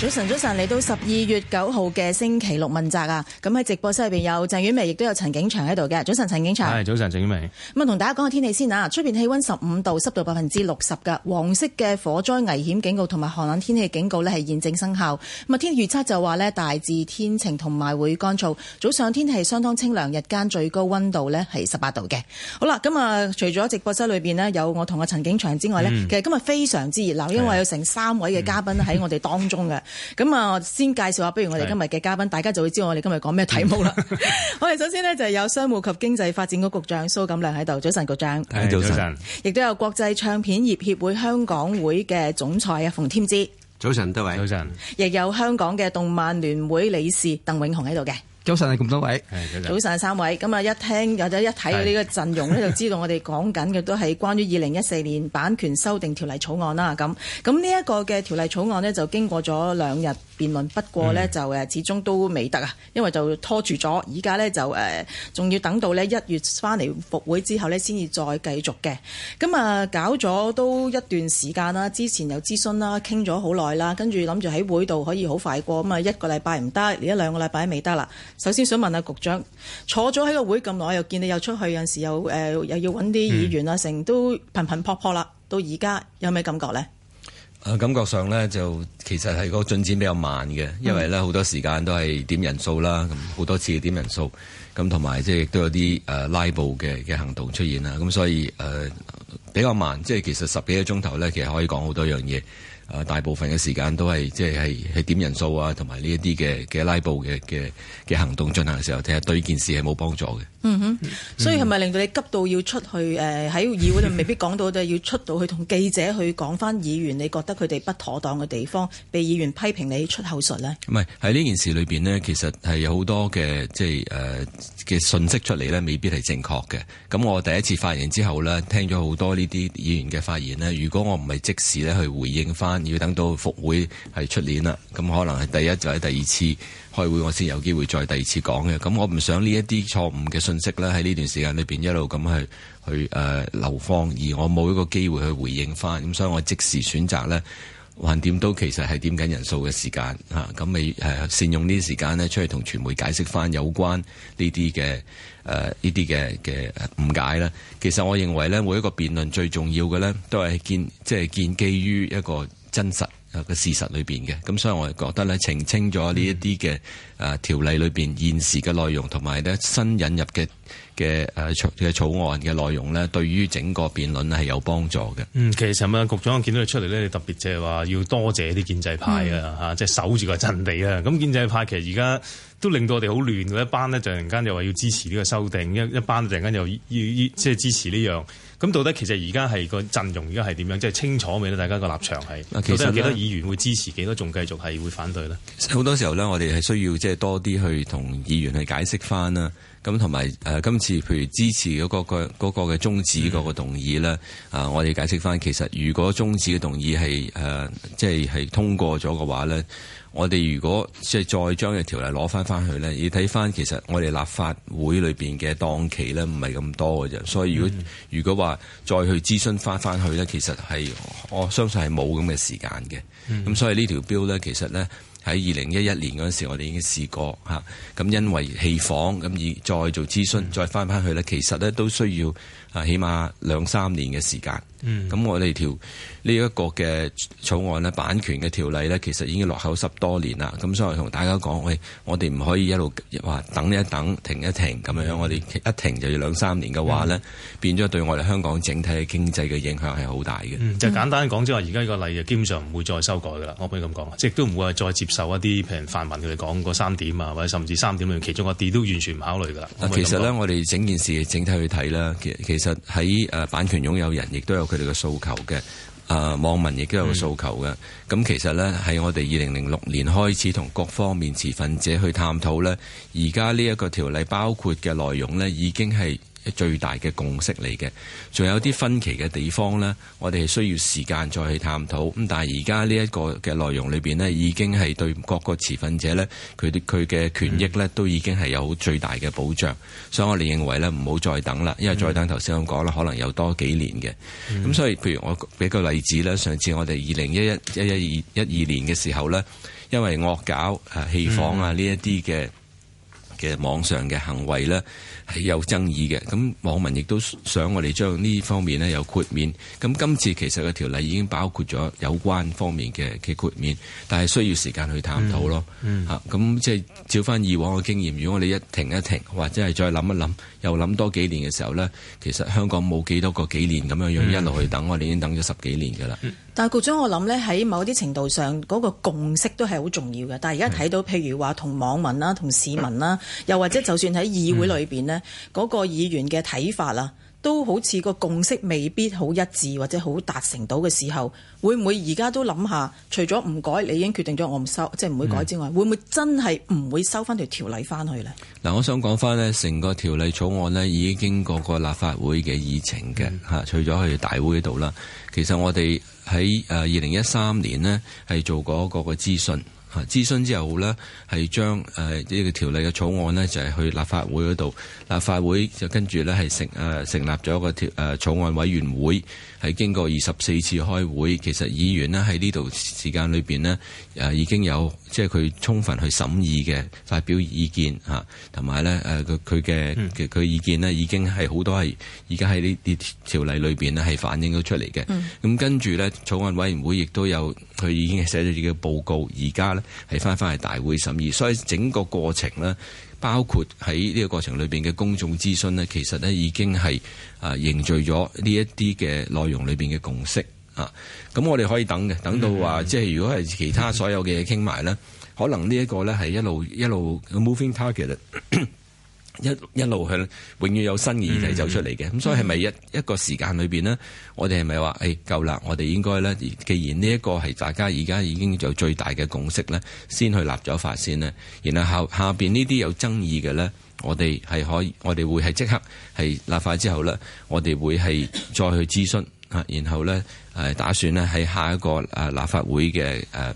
早晨，早晨嚟到十二月九號嘅星期六問責啊！咁喺直播室入邊有鄭婉薇，亦都有陳景祥喺度嘅。早晨，陳景祥。係早晨，鄭婉薇。咁啊，同大家講下天氣先啊！出邊氣溫十五度，濕度百分之六十㗎。黃色嘅火災危險警告同埋寒冷天氣警告呢係現正生效。咁啊，天氣預測就話呢，大致天晴同埋會乾燥。早上天氣相當清涼，日間最高溫度呢係十八度嘅。好啦，咁啊，除咗直播室裏邊呢，有我同阿陳景祥之外呢、嗯，其實今日非常之熱鬧，因為有成三位嘅嘉賓喺我哋當中嘅。嗯 咁啊，先介紹下，不如我哋今日嘅嘉賓，大家就會知道我哋今日講咩題目啦。 我哋首先呢，就係有商務及經濟發展局局長蘇錦樑喺度，早晨，局長，早晨。亦都有國際唱片業協會香港會嘅總裁啊，馮添枝，早晨各位，早晨。亦有香港嘅動漫聯會理事鄧永雄喺度嘅。早晨啊，咁多位。早晨啊，三位。咁啊，一聽或者一睇呢個陣容呢，就知道我哋講緊嘅都係關於二零一四年版權修訂條例草案啦。咁咁呢一個嘅條例草案呢，就經過咗兩日辯論，不過呢，就始終都未得啊，因為就拖住咗。而家呢，就、呃、仲要等到呢一月翻嚟復會之後呢，先至再繼續嘅。咁啊，搞咗都一段時間啦，之前有諮詢啦，傾咗好耐啦，跟住諗住喺會度可以好快過，咁啊一個禮拜唔得，而家兩個禮拜都未得啦。首先想問下局長，坐咗喺個會咁耐，又見你又出去有陣時又、呃、又要揾啲議員啊，成日、嗯、都頻頻撲撲啦。到而家有咩感覺呢？呃、感覺上咧就其實係個進展比較慢嘅，因為咧好多時間都係點人數啦，咁好多次點人數，咁同埋即係亦都有啲誒、呃、拉布嘅嘅行動出現啦。咁所以誒、呃、比較慢，即係其實十幾個鐘頭咧，其實可以講好多樣嘢。啊、大部分嘅時間都係即係係係點人數啊，同埋呢一啲嘅嘅拉布嘅嘅嘅行動進行嘅時候，睇下對件事係冇幫助嘅。嗯哼，嗯所以係咪令到你急到要出去？誒、呃、喺議會就未必講到的，但 要出到去同記者去講翻議員你覺得佢哋不妥當嘅地方，被議員批評你出口術咧？唔係喺呢件事裏邊咧，其實係有好多嘅即係誒嘅信息出嚟咧，未必係正確嘅。咁我第一次發言之後咧，聽咗好多呢啲議員嘅發言咧，如果我唔係即時咧去回應翻。要等到復會係出年啦，咁可能係第一就喺第二次開會，我先有機會再第二次講嘅。咁我唔想呢一啲錯誤嘅信息咧，喺呢段時間裏邊一路咁係去誒、呃、流放，而我冇一個機會去回應翻。咁所以我即時選擇呢橫掂都其實係點緊人數嘅時間嚇。咁、啊、你誒善用呢啲時間呢，出去同傳媒解釋翻有關呢啲嘅、呃、呢啲嘅誤呢啲嘅誒呢啲嘅嘅誤解啦。其實我認為呢，每一個辯論最重要嘅呢，都係建即係、即係、建基於一個真實嘅、啊、事實裏邊嘅，咁所以我係覺得咧澄清咗呢一啲嘅誒條例裏邊現時嘅內容，同埋咧新引入嘅嘅誒嘅草案嘅內容呢，對於整個辯論係有幫助嘅。嗯，其實阿局長我見到你出嚟呢，特別就係話要多謝啲建制派啊嚇、嗯啊，即係守住個陣地啊。咁建制派其實而家。都令到我哋好亂一班咧突然間又話要支持呢個修訂，一一班突然間又要即係支持呢樣。咁到底其實而家係個陣容，而家係點樣？即係清楚未咧？大家個立場係，其實有幾多議員會支持，幾多仲繼續係會反對咧？好多時候咧，我哋係需要即係多啲去同議員去解釋翻啦。咁同埋誒，今次譬如支持嗰、那個、那個嗰嘅、那個、宗旨嗰個動議咧、嗯，啊，我哋解釋翻，其實如果宗旨嘅動議係誒即係係通過咗嘅話咧，我哋如果即係再將個條例攞翻翻去咧，要睇翻其實我哋立法會裏邊嘅檔期咧，唔係咁多嘅啫，所以如果、嗯、如果話再去諮詢翻翻去咧，其實係我相信係冇咁嘅時間嘅，咁、嗯嗯、所以呢條標咧，其實咧。喺二零一一年嗰陣時，我哋已經試過吓。咁，因為氣房咁而再做諮詢，再翻返去咧，其實咧都需要。起碼兩三年嘅時間。嗯。咁我哋條呢一個嘅草案呢，版權嘅條例呢，其實已經落後十多年啦。咁所以同大家講，喂、哎，我哋唔可以一路話等一等、停一停咁樣。嗯、我哋一停就要兩三年嘅話呢、嗯，變咗對我哋香港整體嘅經濟嘅影響係好大嘅、嗯。就是、簡單講，即係話而家個例基本上唔會再修改噶啦。可唔可以咁講？即都唔會再接受一啲譬如泛民佢哋講嗰三點啊，或者甚至三點其中一啲都完全唔考慮噶啦。其實呢，我哋整件事整體去睇啦。其實其實喺誒、呃、版權擁有人亦都有佢哋嘅訴求嘅，誒、呃、網民亦都有訴求嘅。咁、嗯、其實呢，喺我哋二零零六年開始同各方面持份者去探討呢，而家呢一個條例包括嘅內容呢，已經係。最大嘅共識嚟嘅，仲有啲分歧嘅地方呢，我哋係需要時間再去探討。咁但係而家呢一個嘅內容裏邊呢，已經係對各個持份者呢，佢啲佢嘅權益呢，都已經係有最大嘅保障，嗯。所以我哋認為呢，唔好再等啦，因為再等頭先咁講啦，可能有多幾年嘅。咁、嗯、所以，譬如我俾個例子咧，上次我哋二零一一一一二一二年嘅時候呢，因為惡搞啊戲仿啊呢一啲嘅嘅網上嘅行為呢，係有爭議嘅，咁網民亦都想我哋將呢方面呢有豁免。咁今次其實個條例已經包括咗有關方面嘅嘅豁免，但係需要時間去探討咯。咁、嗯嗯啊、即係照返以往嘅經驗，如果我哋一停一停，或者係再諗一諗，又諗多幾年嘅時候呢，其實香港冇幾多個幾年咁樣樣、嗯、一路去等，我哋已經等咗十幾年㗎啦。嗯但局長，我諗咧喺某啲程度上，嗰、嗰個共識都係好重要嘅。但係而家睇到，譬如話同網民啦、同市民啦，又或者就算喺議會裏邊呢，嗰、嗯、嗰個議員嘅睇法啦，都好似個共識未必好一致或者好達成到嘅時候，會唔會而家都諗下？除咗唔改，你已經決定咗我唔收，即係唔會改之外，會唔會真係唔會收翻條條例翻去呢？嗱、嗯，我想講翻呢，成個條例草案呢已經經過個立法會嘅議程嘅吓、嗯、除咗去大會度啦，其實我哋。喺誒二零一三年咧，係做過一個嘅諮詢。吓，諮詢之後咧，係將誒呢個條例嘅草案咧，就係、是、去立法會度。立法會就跟住咧係成誒、呃、成立咗個條誒、呃、草案委員會，係經過二十四次開會。其實議員咧喺呢度時間裏邊咧誒已經有即係佢充分去審議嘅，發表意見吓，同埋咧誒佢佢嘅佢嘅意見咧已經係好多係而家喺呢啲條例裏邊咧係反映咗出嚟嘅。咁、嗯、跟住咧草案委員會亦都有佢已經係寫咗自己嘅報告，而家。係翻翻去大會審議，所以整個過程咧，包括喺呢個過程裏邊嘅公眾諮詢咧，其實咧已經係啊凝聚咗呢一啲嘅內容裏邊嘅共識啊。咁我哋可以等嘅，等到話、嗯、即係如果係其他所有嘅嘢傾埋咧，可能呢一個咧係一路一路 moving target。一一路向，永遠有新議題走出嚟嘅，咁、mm -hmm. 所以係咪一一個時間裏面呢？我哋係咪話，誒、欸、夠啦，我哋應該呢，既然呢一個係大家而家已經有最大嘅共識呢，先去立咗法先呢，然後下下邊呢啲有爭議嘅呢，我哋係可以，我哋會係即刻係立法之後呢，我哋會係再去諮詢，然後呢，打算呢喺下一個誒、啊、立法會嘅誒。啊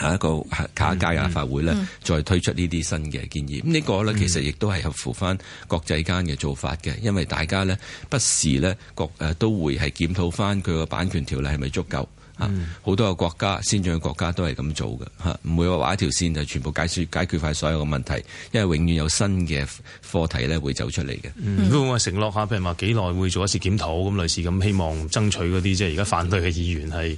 下一個下下一屆立法會咧，再推出呢啲新嘅建議。咁、嗯、呢、嗯這個咧，其實亦都係合乎翻國際間嘅做法嘅，因為大家咧不時咧國誒都會係檢討翻佢個版權條例係咪足夠。好多個國家、嗯、先進嘅國家都係咁做嘅，唔會話畫一條線就全部解決解決晒所有嘅問題，因為永遠有新嘅課題咧會走出嚟嘅。如、嗯、果、嗯、我承諾下，譬如話幾耐會做一次檢討咁類似咁？希望爭取嗰啲即係而家反對嘅議員係。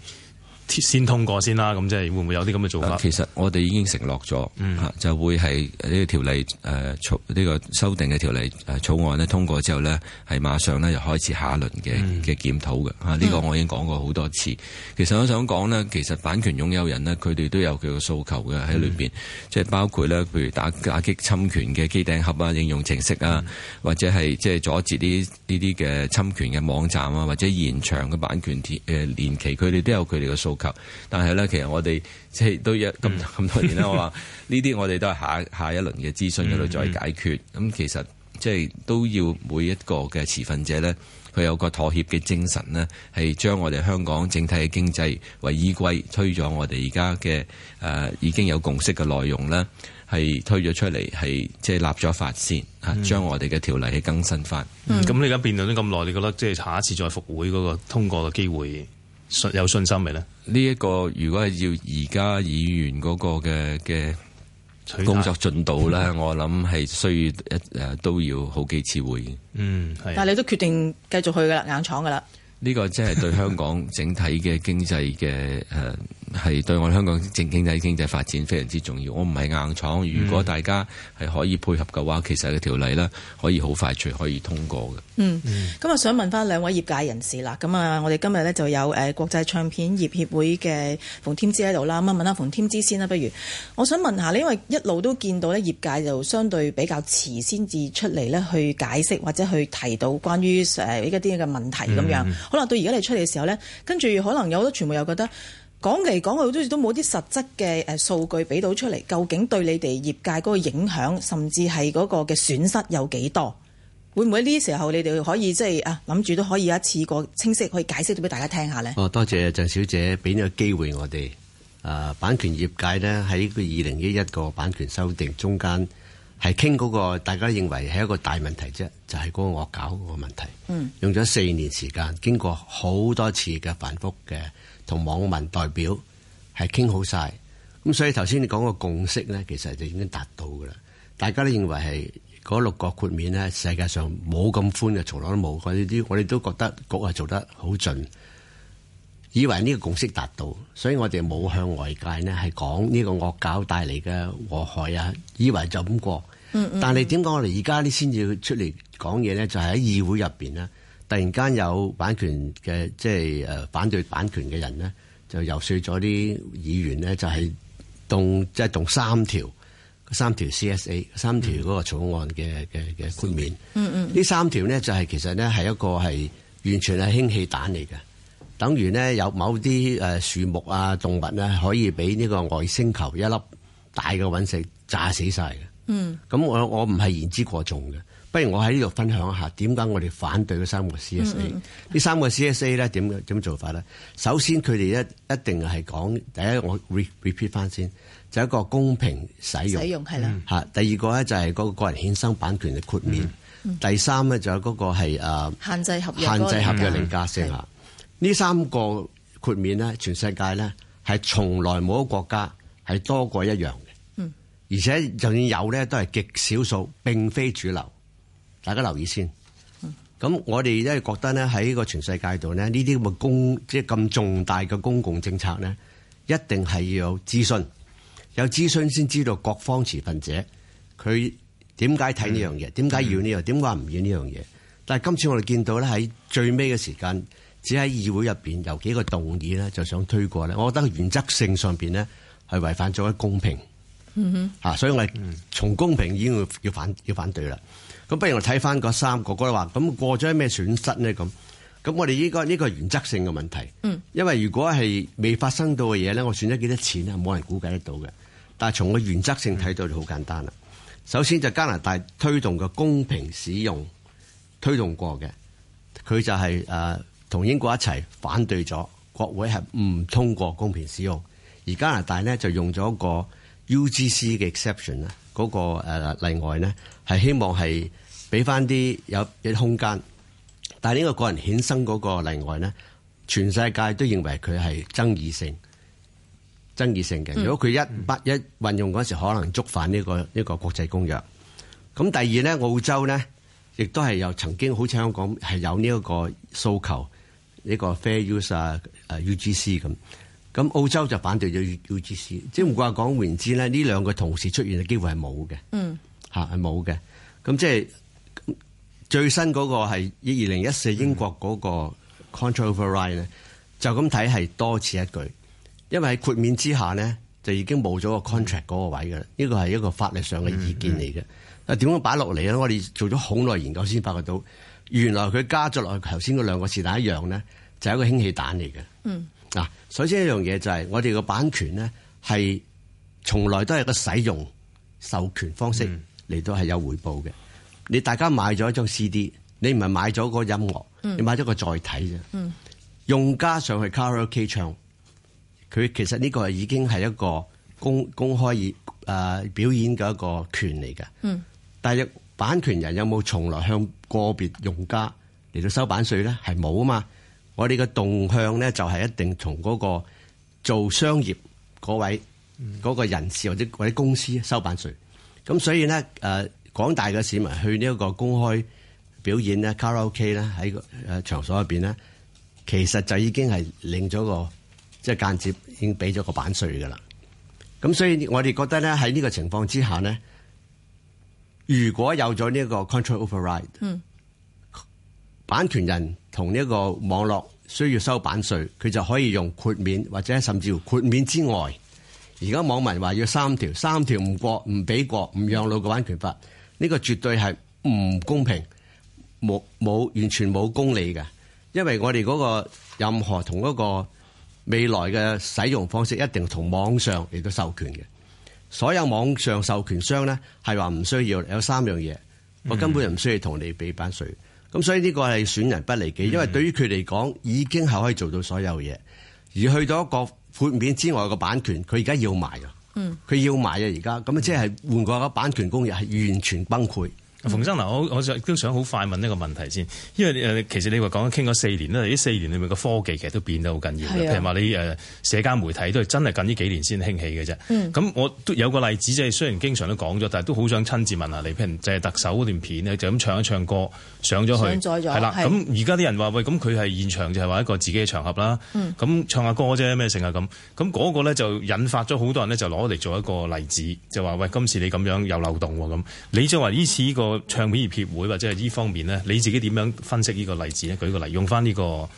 先通過先啦，咁即係會唔會有啲咁嘅做法？其實我哋已經承諾咗、嗯，就會係呢個條例誒，呢、呃呢個修訂嘅條例、呃、草案呢通過之後呢，係馬上呢又開始下一輪嘅嘅、嗯、檢討嘅。啊，呢個我已經講過好多次、嗯。其實我想講呢，其實版權擁有人呢，佢哋都有佢嘅訴求嘅喺裏面，即、嗯、係包括呢，譬如打打擊侵權嘅機頂盒啊、應用程式啊、嗯，或者係即係阻截啲呢啲嘅侵權嘅網站啊，或者延長嘅版權貼、呃、連期，佢哋都有佢哋嘅訴求。但係咧，其實我哋即係都有咁咁多年啦。 我話呢啲我哋都係下下一輪嘅諮詢嗰度再解決。咁、嗯嗯嗯、其實即係都要每一個嘅持份者咧，佢有個妥協嘅精神呢，係將我哋香港整體嘅經濟為依歸，推咗我哋而家嘅誒已經有共識嘅內容呢，係推咗出嚟，係即係立咗法先啊，將我哋嘅條例去更新翻。咁、嗯、你而家辯論咗咁耐，你覺得即係下一次再復會嗰個通過嘅機會信有信心未咧？呢一個如果係要而家議員嗰個嘅嘅工作進度咧，我諗係需要一誒都要好幾次會議。嗯，但係你都決定繼續去噶啦，硬闖噶啦。呢個即係對香港整體嘅經濟嘅誒。 係對我哋香港正經濟經濟發展非常之重要。我唔係硬闖，如果大家係可以配合嘅話，嗯，其實個條例呢可以好快脆可以通過嘅。嗯，咁啊，想問翻兩位業界人士啦。咁啊，我哋今日呢就有誒國際唱片業協會嘅馮添枝喺度啦。咁啊，問下馮添枝先啦。不如我想問一下，呢因為一路都見到咧，業界就相對比較遲先至出嚟呢去解釋或者去提到關於呢依啲嘅問題咁樣，嗯嗯。好啦，到而家你出嚟嘅時候呢，跟住可能有好多傳媒又覺得。講嚟講去，好多時都冇啲實質嘅誒數據俾到出嚟，究竟對你哋業界嗰個影響，甚至係嗰個嘅損失有幾多？會唔會呢時候你哋可以即係啊諗住都可以一次過清晰去解釋到俾大家聽下呢？哦，多謝鄭小姐俾呢個機會我哋。誒、啊，版權業界呢喺個二零一一個版權修訂中間、那個，係傾嗰個大家認為係一個大問題啫，就係、是、嗰個惡搞嗰個問題。嗯，用咗四年時間，經過好多次嘅反復嘅。同網民代表係傾好晒，咁所以頭先你講個共識咧，其實就已經達到噶啦。大家都認為係嗰六個豁免咧，世界上冇咁寬嘅，從來都冇，我哋都我哋都覺得局係做得好盡，以為呢個共識達到，所以我哋冇向外界呢係講呢個惡搞帶嚟嘅禍害啊。以為就咁過，嗯嗯，但係點解，我哋而家呢先至出嚟講嘢咧，就係、是、喺議會入邊呢。突然間有版權嘅即係誒反對版權嘅人咧，就游說咗啲議員咧，就係、是、動即係、就是、動三條三條 C S A 三條嗰個草案嘅嘅嘅豁免。嗯嗯，呢三條咧就係、是、其實咧係一個係完全係氫氣彈嚟嘅，等於咧有某啲誒樹木啊動物咧、啊、可以俾呢個外星球一粒大嘅隕石炸死晒嘅。嗯，咁我我唔係言之過重嘅。不如我喺呢度分享一下點解我哋反對嘅三個 C S A、嗯。呢、嗯、三個 C S A 咧點點做法咧？首先佢哋一一定係講第一，我 repeat 翻先，就係、一個公平使用，使用係啦嚇。第二個咧就係嗰個，個人衍生版權嘅豁免。嗯嗯、第三咧就係嗰個係限制合約、限制合約嘅離家先呢、那個、三個豁免咧，全世界咧係從來冇一個國家係多過一樣嘅、嗯，而且就算有咧，都係極少數，並非主流。大家留意先，咁我哋都係覺得咧，喺呢個全世界度咧呢啲咁嘅公，即係咁重大嘅公共政策咧，一定係要有諮詢，有諮詢先知道各方持份者佢點解睇呢樣嘢，點解要呢樣，嗯，點解唔要呢樣嘢。但係今次我哋見到咧，喺最尾嘅時間，只喺議會入邊有幾個動議咧就想推過咧，我覺得原則性上邊咧係違反咗一公平，吓、嗯，所以我哋從公平已經要要反要反對啦。咁不如我睇翻嗰三個哥話，咁過咗咩損失咧？咁咁我哋呢個呢個原則性嘅問題，嗯，因為如果係未發生到嘅嘢咧，我損失幾多錢咧，冇人估計得到嘅。但係從個原則性睇到就好簡單啦。首先就加拿大推動嘅公平使用推動過嘅，佢就係誒同英國一齊反對咗國會係唔通過公平使用，而加拿大咧就用咗個 UGC 嘅 exception 啦。嗰個誒例外咧，係希望係俾翻啲有俾啲空間，但係呢個個人衍生嗰個例外咧，全世界都認為佢係爭議性、爭議性嘅。如果佢一不一運用嗰時，可能觸犯呢個呢個國際公約。咁第二咧，澳洲咧亦都係有曾經好似香港係有呢一個訴求，呢個 fair use 啊、UGC 咁。咁澳洲就反對咗 UGC，即係唔怪講，換言之咧，呢兩個同時出現嘅機會係冇嘅。嗯，嚇係冇嘅。咁即係最新嗰個係二零一四英國嗰個 contract override 咧、嗯，就咁睇係多此一舉，因為喺豁免之下呢，就已經冇咗個 contract 嗰個位㗎喇。呢個係一個法律上嘅意見嚟嘅。啊、嗯嗯，點樣擺落嚟咧？我哋做咗好耐研究先發覺到，原來佢加咗落去頭先嗰兩個是但一樣咧，就係、是、一個氫氣彈嚟嘅。嗯。嗱，首先一樣嘢，就係我哋個版權咧，係從來都係一個使用授權方式嚟到係有回報嘅。你大家買咗一張 CD，你唔係買咗個音樂，你買咗個載體啫、嗯。用家上去卡拉 OK 唱，佢其實呢個已經係一個公公開以誒表演嘅一個權利嘅。但係版權人有冇從來向個別用家嚟到收版稅咧？係冇啊嘛。我哋嘅動向咧，就係一定同嗰個做商業嗰位嗰個人士，或者或公司收版稅。咁所以咧，誒廣大嘅市民去呢一個公開表演咧，卡拉 OK 咧，喺誒場所入面咧，其實就已經係領咗個即係間接已經俾咗個版稅噶啦。咁所以我哋覺得咧，喺呢個情況之下咧，如果有咗呢個 control override、嗯。版權人同呢一個網絡需要收版稅，佢就可以用豁免或者甚至乎豁免之外。而家網民話要三條，三條唔過唔俾過唔讓路嘅版權法，呢個絕對係唔公平，冇冇完全冇公理嘅。因為我哋嗰個任何同嗰個未來嘅使用方式，一定同網上嚟到授權嘅。所有網上授權商呢，係話唔需要有三樣嘢，我根本就唔需要同你俾版稅。咁所以呢個係損人不利己，因為對於佢嚟講已經係可以做到所有嘢，而去到一個豁免之外嘅版權，佢而家要賣啊！嗯，佢要賣啊！而家咁即係換過個版權工業係完全崩潰。馮生嗱，我我想都想好快問呢個問題先，因為誒其實你話講緊傾咗四年啦，呢四年裏面嘅科技其實都變得好緊要、啊、譬如話你誒社交媒體都係真係近呢幾年先興起嘅啫。咁、嗯、我都有個例子，即係雖然經常都講咗，但係都好想親自問下你，譬如就係特首嗰段片咧，就咁唱一唱歌上咗去，上載咗，係啦。咁而家啲人話喂，咁佢係現場就係話一個自己嘅場合啦，咁、嗯、唱下歌啫咩，成啊咁。咁、那、嗰個咧就引發咗好多人咧就攞嚟做一個例子，就話喂，今次你咁樣有漏洞喎咁。你就話呢次呢、呢個。唱片業協會或者係呢方面咧,你自己點樣分析呢個例子咧？舉個例，用翻呢、這個誒、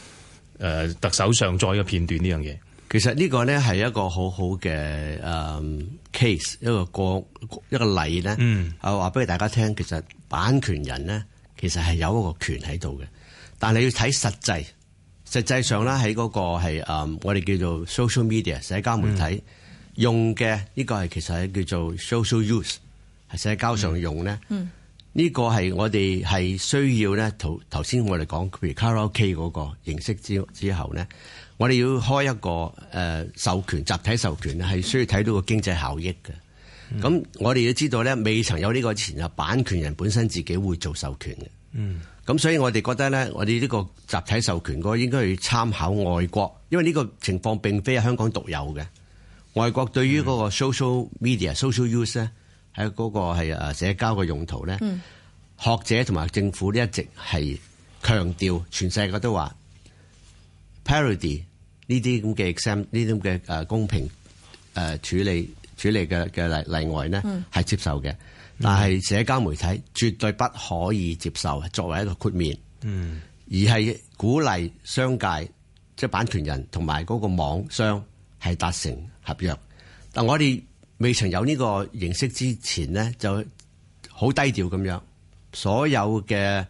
呃、特首上載嘅片段呢樣嘢，其實呢個咧係一個很好好嘅誒 case，一個個一個例咧，啊話俾大家聽，其實版權人咧其實係有一個權喺度嘅，但係要睇實際，實際上咧喺嗰個係誒、嗯、我哋叫做 social media 社交媒體、嗯、用嘅呢、這個係其實係叫做 social use 係社交上用咧。嗯嗯呢個係我哋係需要咧，頭頭先我哋講譬如卡拉 OK 嗰個形式之之後咧，我哋要開一個誒授權集體授權咧，係需要睇到個經濟效益嘅。咁、mm. 我哋要知道咧，未曾有呢個前啊，版權人本身自己會做授權嘅。嗯。咁所以我哋覺得咧，我哋呢個集體授權個應該去參考外國，因為呢個情況並非係香港獨有嘅。外國對於嗰個 social media social use 咧。喺嗰個係社交嘅用途咧、嗯，學者同埋政府呢，一直係強調，全世界都話 parody 呢啲咁嘅 exam 呢啲咁嘅誒公平誒處理處理嘅嘅例例外咧，係接受嘅、嗯。但係社交媒體絕對不可以接受作為一個豁免，嗯、而係鼓勵商界即係、就是、版權人同埋嗰個網商係達成合約。但我哋。未曾有呢個形式之前咧，就好低調咁樣。所有嘅、誒、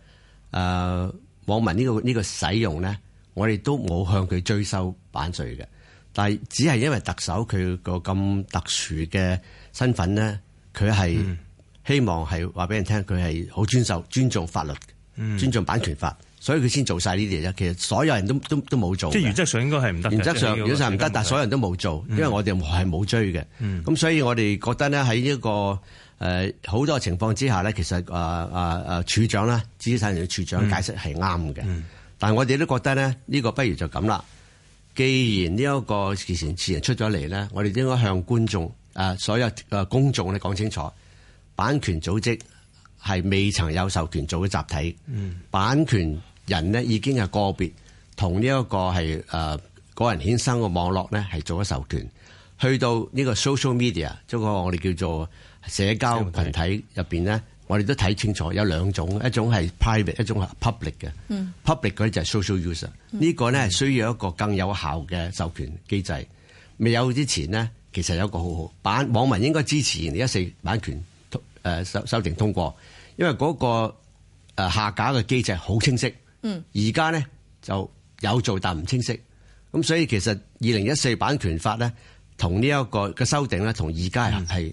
呃、網民呢、呢個呢、呢個使用咧，我哋都冇向佢追收版稅嘅。但係只係因為特首佢個咁特殊嘅身份咧，佢係希望係話俾人聽，佢係好遵守、尊重法律、嗯，尊重版權法。所以佢先做晒呢啲嘢啫，其實所有人都都都冇做。即原則上應該係唔得。原則上原則上唔得，但所有人都冇做、嗯，因為我哋係冇追嘅。咁、嗯、所以我哋覺得咧喺呢個好、呃、多情況之下咧，其實、呃、啊啊啊處長咧，資產業處長解釋係啱嘅。但我哋都覺得咧，呢、這個不如就咁啦。既然呢、這、一個事前事前出咗嚟咧，我哋應該向觀眾、呃、所有、呃、公眾咧講清楚，版權組織係未曾有授權做嘅集體，嗯、版權人呢已經係個別同呢一個係誒、呃、個人衍生嘅網絡咧係做咗授權，去到呢個 social media，即個我哋叫做社交群體入面咧，我哋都睇清楚有兩種，一種係 private，一種係 public 嘅、嗯。public 嗰啲就係 social user、嗯。呢個、呢個咧需要一個更有效嘅授權機制。未有之前呢，其實有一個很好好版網民應該支持而家四版權誒修修訂通過，因為嗰、嗰個、呃、下架嘅機制好清晰。嗯，而家咧就有做但唔清晰，咁所以其實二零一四版權法咧同呢一個嘅修訂咧，同而家係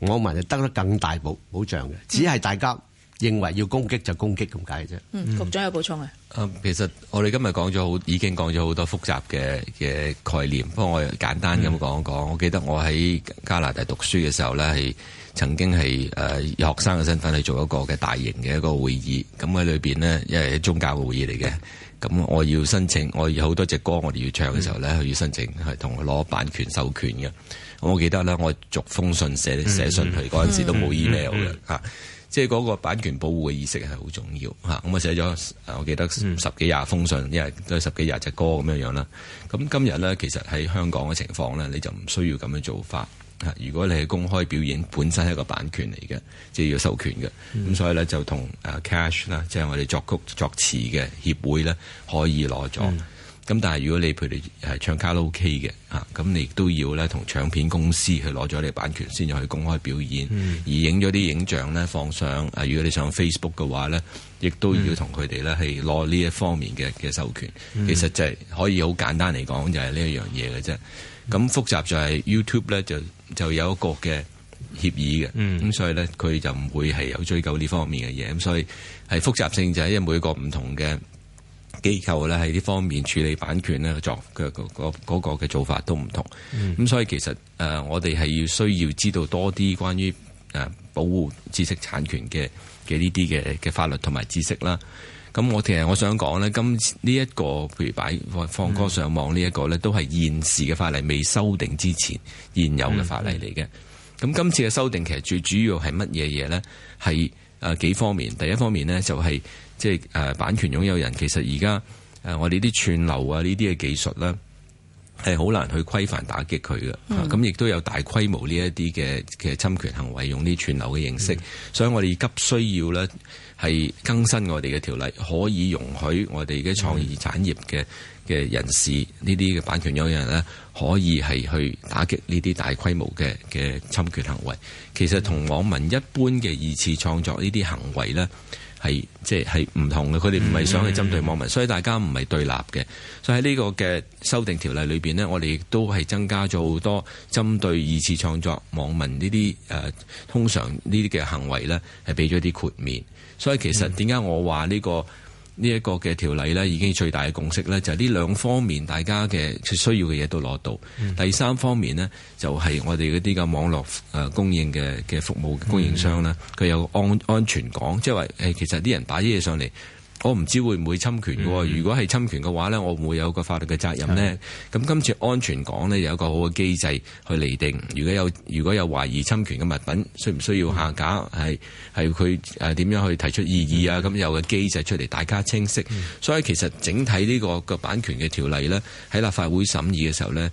我問，係得得更大保保障嘅，只係大家認為要攻擊就攻擊咁解啫。嗯，局長有補充啊、嗯？其實我哋今日講咗好，已經講咗好多複雜嘅嘅概念，不過我簡單咁講一講。我記得我喺加拿大讀書嘅時候咧係。曾經係誒、呃、以學生嘅身份去做一個嘅大型嘅一個會議，咁喺裏面呢，因為係宗教嘅會議嚟嘅，咁我要申請，我要好多隻歌，我哋要唱嘅時候呢，佢、嗯、要申請係同佢攞版權授權嘅。我記得呢，我逐封信寫寫，寫信佢，嗰陣時都冇 email 嘅、嗯嗯嗯啊，即係嗰個版權保護嘅意識係好重要嚇。咁、啊、我寫咗，我記得十幾廿封信，嗯、因為都係十幾廿隻歌咁樣樣啦。咁今日呢，其實喺香港嘅情況呢，你就唔需要咁樣做法。如果你係公開表演，本身係一個版權嚟嘅，即係要授權嘅，咁、嗯、所以呢，就同誒 Cash 啦，即係我哋作曲作詞嘅協會呢，可以攞咗。咁、嗯、但係如果你譬如係唱卡拉 OK 嘅，咁你亦都要呢，同唱片公司去攞咗你嘅版權先至去公開表演。嗯、而影咗啲影像呢，放上，如果你上 Facebook 嘅話呢。亦都要同佢哋咧係攞呢一方面嘅嘅授權、嗯，其實就係、係、可以好簡單嚟講，就係呢一樣嘢嘅啫。咁複雜就係 YouTube 咧就就有一個嘅協議嘅，咁、嗯、所以咧佢就唔會係有追究呢方面嘅嘢。咁所以係複雜性就係因為每一個唔同嘅機構咧喺呢方面處理版權咧作嘅嗰個嘅做法都唔同。咁、嗯、所以其實誒、呃、我哋係要需要知道多啲關於誒，呃保護知識產權嘅嘅呢啲嘅嘅法律同埋知識啦。咁我其實我想講咧，今次呢一個譬如擺放歌上網呢一個呢都係現時嘅法例未修訂之前現有嘅法例嚟嘅。咁今次嘅修訂其實最主要係乜嘢嘢呢？係誒幾方面。第一方面呢、就係，就係即係誒版權擁有人其實而家誒我哋啲串流啊呢啲嘅技術啦、啊。係好難去規範打擊佢嘅，咁亦都有大規模呢一啲嘅嘅侵權行為，用啲串流嘅形式，所以我哋急需要呢係更新我哋嘅條例，可以容許我哋嘅創意產業嘅嘅人士呢啲嘅版權擁有人呢，可以係去打擊呢啲大規模嘅嘅侵權行為。其實同網民一般嘅二次創作呢啲行為呢，係即係唔同嘅，佢哋唔係想去針對網民、嗯，所以大家唔係對立嘅。所以喺呢個嘅修訂條例裏邊呢，我哋亦都係增加咗好多針對二次創作網民呢啲誒，通常呢啲嘅行為呢，係俾咗啲豁免。所以其實點解我話呢個？呢、這、一個嘅條例咧，已經最大嘅共識咧，就係、是、呢兩方面，大家嘅需要嘅嘢都攞到。第三方面咧，就係我哋嗰啲嘅網絡誒供應嘅嘅服務供應商咧，佢有安安全港，即係話誒，其實啲人打啲嘢上嚟。我唔知會唔會侵權喎、嗯。如果係侵權嘅話呢，我唔會，會有個法律嘅責任呢。咁今、嗯、次安全港呢有一個好嘅機制去厘定。如果有如果有懷疑侵權嘅物品，需唔需要下架？係係佢誒點樣去提出異議啊？咁、嗯、有個機制出嚟，大家清晰、嗯。所以其實整體呢、呢個呢個版權嘅條例呢，喺立法會審議嘅時候呢，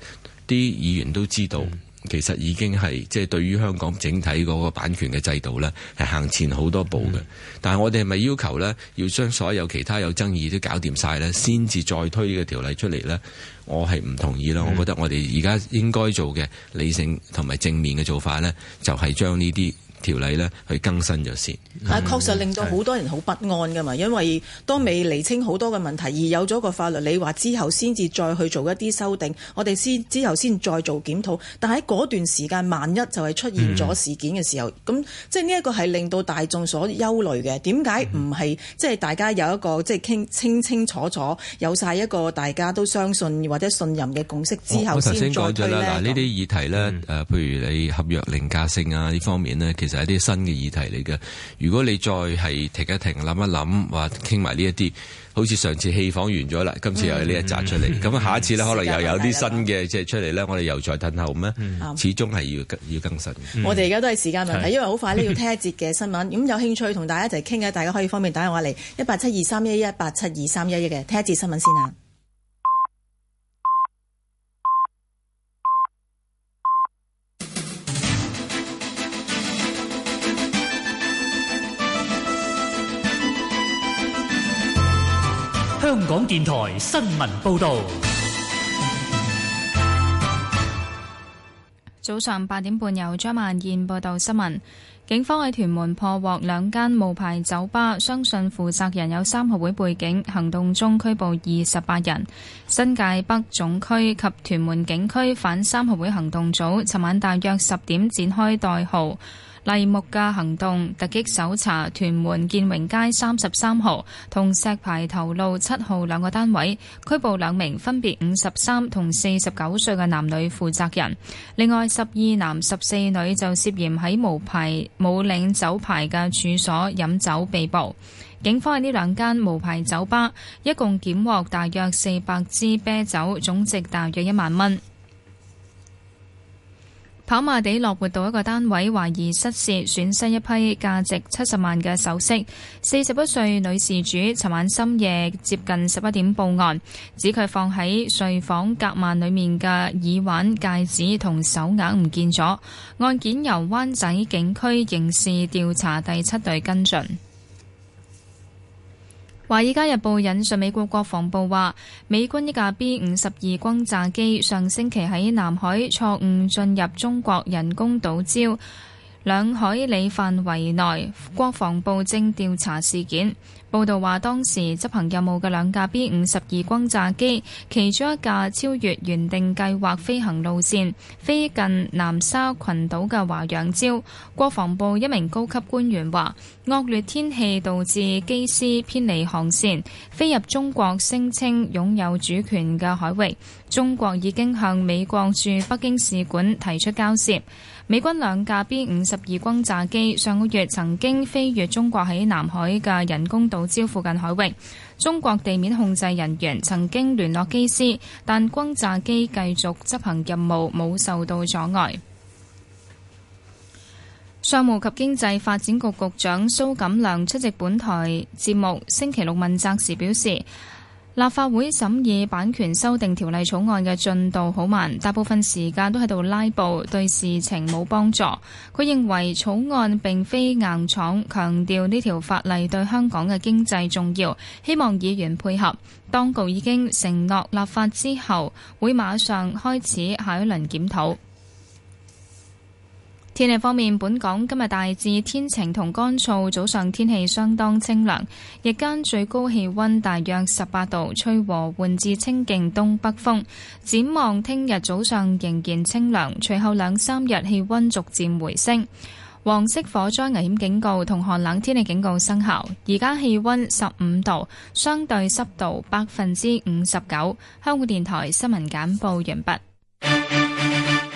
啲議員都知道。嗯其實已經係即係對於香港整體嗰個版權嘅制度呢，係行前好多步嘅。但係我哋係咪要求呢，要將所有其他有爭議都搞掂晒呢，先至再推呢個條例出嚟呢，我係唔同意啦。我覺得我哋而家應該做嘅理性同埋正面嘅做法呢，就係、是、將呢啲。條例呢去更新咗先。但係確實令到好多人好不安噶嘛、嗯，因為都未釐清好多嘅問題，而有咗個法律，你話之後先至再去做一啲修訂，我哋先之後先再做檢討。但喺嗰段時間，萬一就係出現咗事件嘅時候，咁即係呢一個係令到大眾所憂慮嘅。點解唔係即係大家有一個即係傾清清楚楚，有晒一個大家都相信或者信任嘅共識之後先再推咧、這個？嗱呢啲議題呢、嗯呃，譬如你合約凌駕性啊呢方面呢。其實就係啲新嘅議題嚟嘅。如果你再係停一停、諗一諗，話傾埋呢一啲，好似上次戲房完咗啦，今次又係呢一集出嚟。咁 下一次咧可能又有啲新嘅 即係出嚟咧，我哋又再等候咩？始終係要要更新 我哋而家都係時間問題，因為好快咧要聽一節嘅新聞。咁 有興趣同大家一齊傾嘅，大家可以方便打電話嚟一八七二三一一八七二三一一嘅聽一節新聞先啊。香港電台新聞報道，早上八點半由張萬燕報道新聞。警方喺屯門破獲兩間無牌酒吧，相信負責人有三合會背景。行動中拘捕二十八人。新界北總區及屯門警區反三合會行動組，尋晚大約十點展開代號。例目嘅行動，突擊搜查屯門建榮街三十三號同石排頭路七號兩個單位，拘捕兩名分別五十三同四十九歲嘅男女負責人。另外十二男十四女就涉嫌喺無牌冇領酒牌嘅處所飲酒被捕。警方喺呢兩間無牌酒吧，一共檢獲大約四百支啤酒，總值大約一萬蚊。跑馬地落活道一個單位懷疑失竊，損失一批價值七十萬嘅首飾。四十一歲女事主尋晚深夜接近十一點報案，指佢放喺睡房夾萬裏面嘅耳環、戒指同手鐲唔見咗。案件由灣仔警區刑事調查第七隊跟進。《華爾街日報》引述美國國防部話，美軍一架 B-52 轟炸機上星期喺南海錯誤進入中國人工島礁兩海里範圍內，國防部正調查事件。報道話，當時執行任務嘅兩架 B 五十二轟炸機，其中一架超越原定計劃飛行路線，飛近南沙群島嘅華陽礁。國防部一名高級官員話，惡劣天氣導致機師偏離航線，飛入中國聲稱擁有主權嘅海域。中國已經向美國駐北京使館提出交涉。美軍兩架 B 五十二轟炸機上個月曾經飛越中國喺南海嘅人工島礁附近海域，中國地面控制人員曾經聯絡機師，但轟炸機繼續執行任務，冇受到阻礙。商務及經濟發展局局長蘇錦樑出席本台節目星期六問責時表示，立法會審議版權修訂條例草案嘅進度好慢，大部分時間都喺度拉布，對事情冇幫助。佢認為草案並非硬闖，強調呢條法例對香港嘅經濟重要，希望議員配合。當局已經承諾立法之後會馬上開始下一輪檢討。天氣方面，本港今日大致天晴同乾燥，早上天氣相當清涼，日間最高氣溫大約十八度，吹和緩至清勁東北風。展望聽日早上仍然清涼，隨後兩三日氣溫逐漸回升。黃色火災危險警告同寒冷天氣警告生效，而家氣溫十五度，相對濕度百分之五十九。香港電台新聞簡報完畢。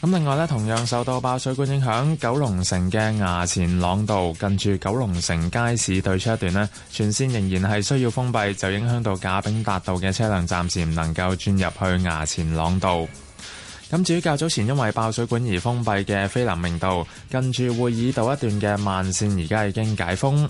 咁另外咧，同樣受到爆水管影響，九龍城嘅衙前塱道近住九龍城街市對出一段呢全線仍然係需要封閉，就影響到賈炳達道嘅車輛暫時唔能夠轉入去衙前塱道。咁至於較早前因為爆水管而封閉嘅菲林明道近住會議道一段嘅慢線，而家已經解封。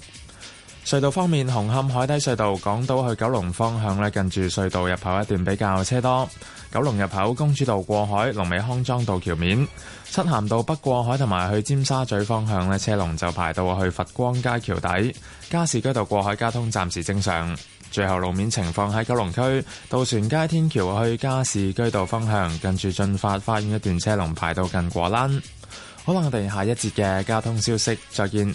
隧道方面，紅磡海底隧道港島去九龍方向咧，近住隧道入口一段比較車多。九龍入口公主道過海、龍尾康莊道橋面、漆咸道北過海同埋去尖沙咀方向咧，車龍就排到去佛光街橋底。加士居道過海交通暫時正常。最後路面情況喺九龍區，渡船街天橋去加士居道方向，近住駿發花園一段車龍排到近果欄。好啦，我哋下一節嘅交通消息再見。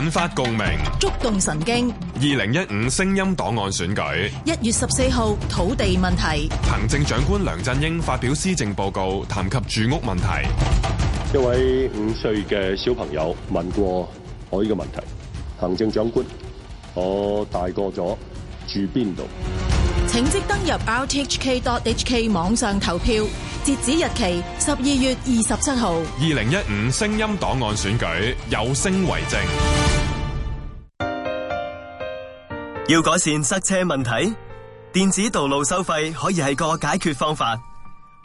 引發共鳴，觸動神經。二零一五聲音檔案選舉，一月十四號土地問題。行政長官梁振英發表施政報告，談及住屋問題。一位五歲嘅小朋友問過我呢個問題。行政長官，我大個咗，住邊度？請即登入 rthk.hk 網上投票，截止日期十二月二十七號。二零一五聲音檔案選舉，有聲為證。要改善塞車問題，電子道路收費可以係個解決方法。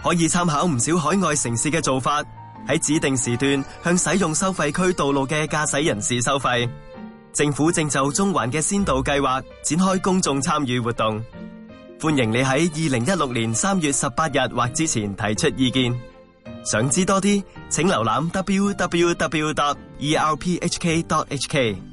可以參考唔少海外城市嘅做法，喺指定時段向使用收費區道路嘅駕駛人士收費。政府正就中環嘅先導計劃展開公眾參與活動，歡迎你喺二零一六年三月十八日或之前提出意見。想知多啲，請瀏覽 www.erphk.hk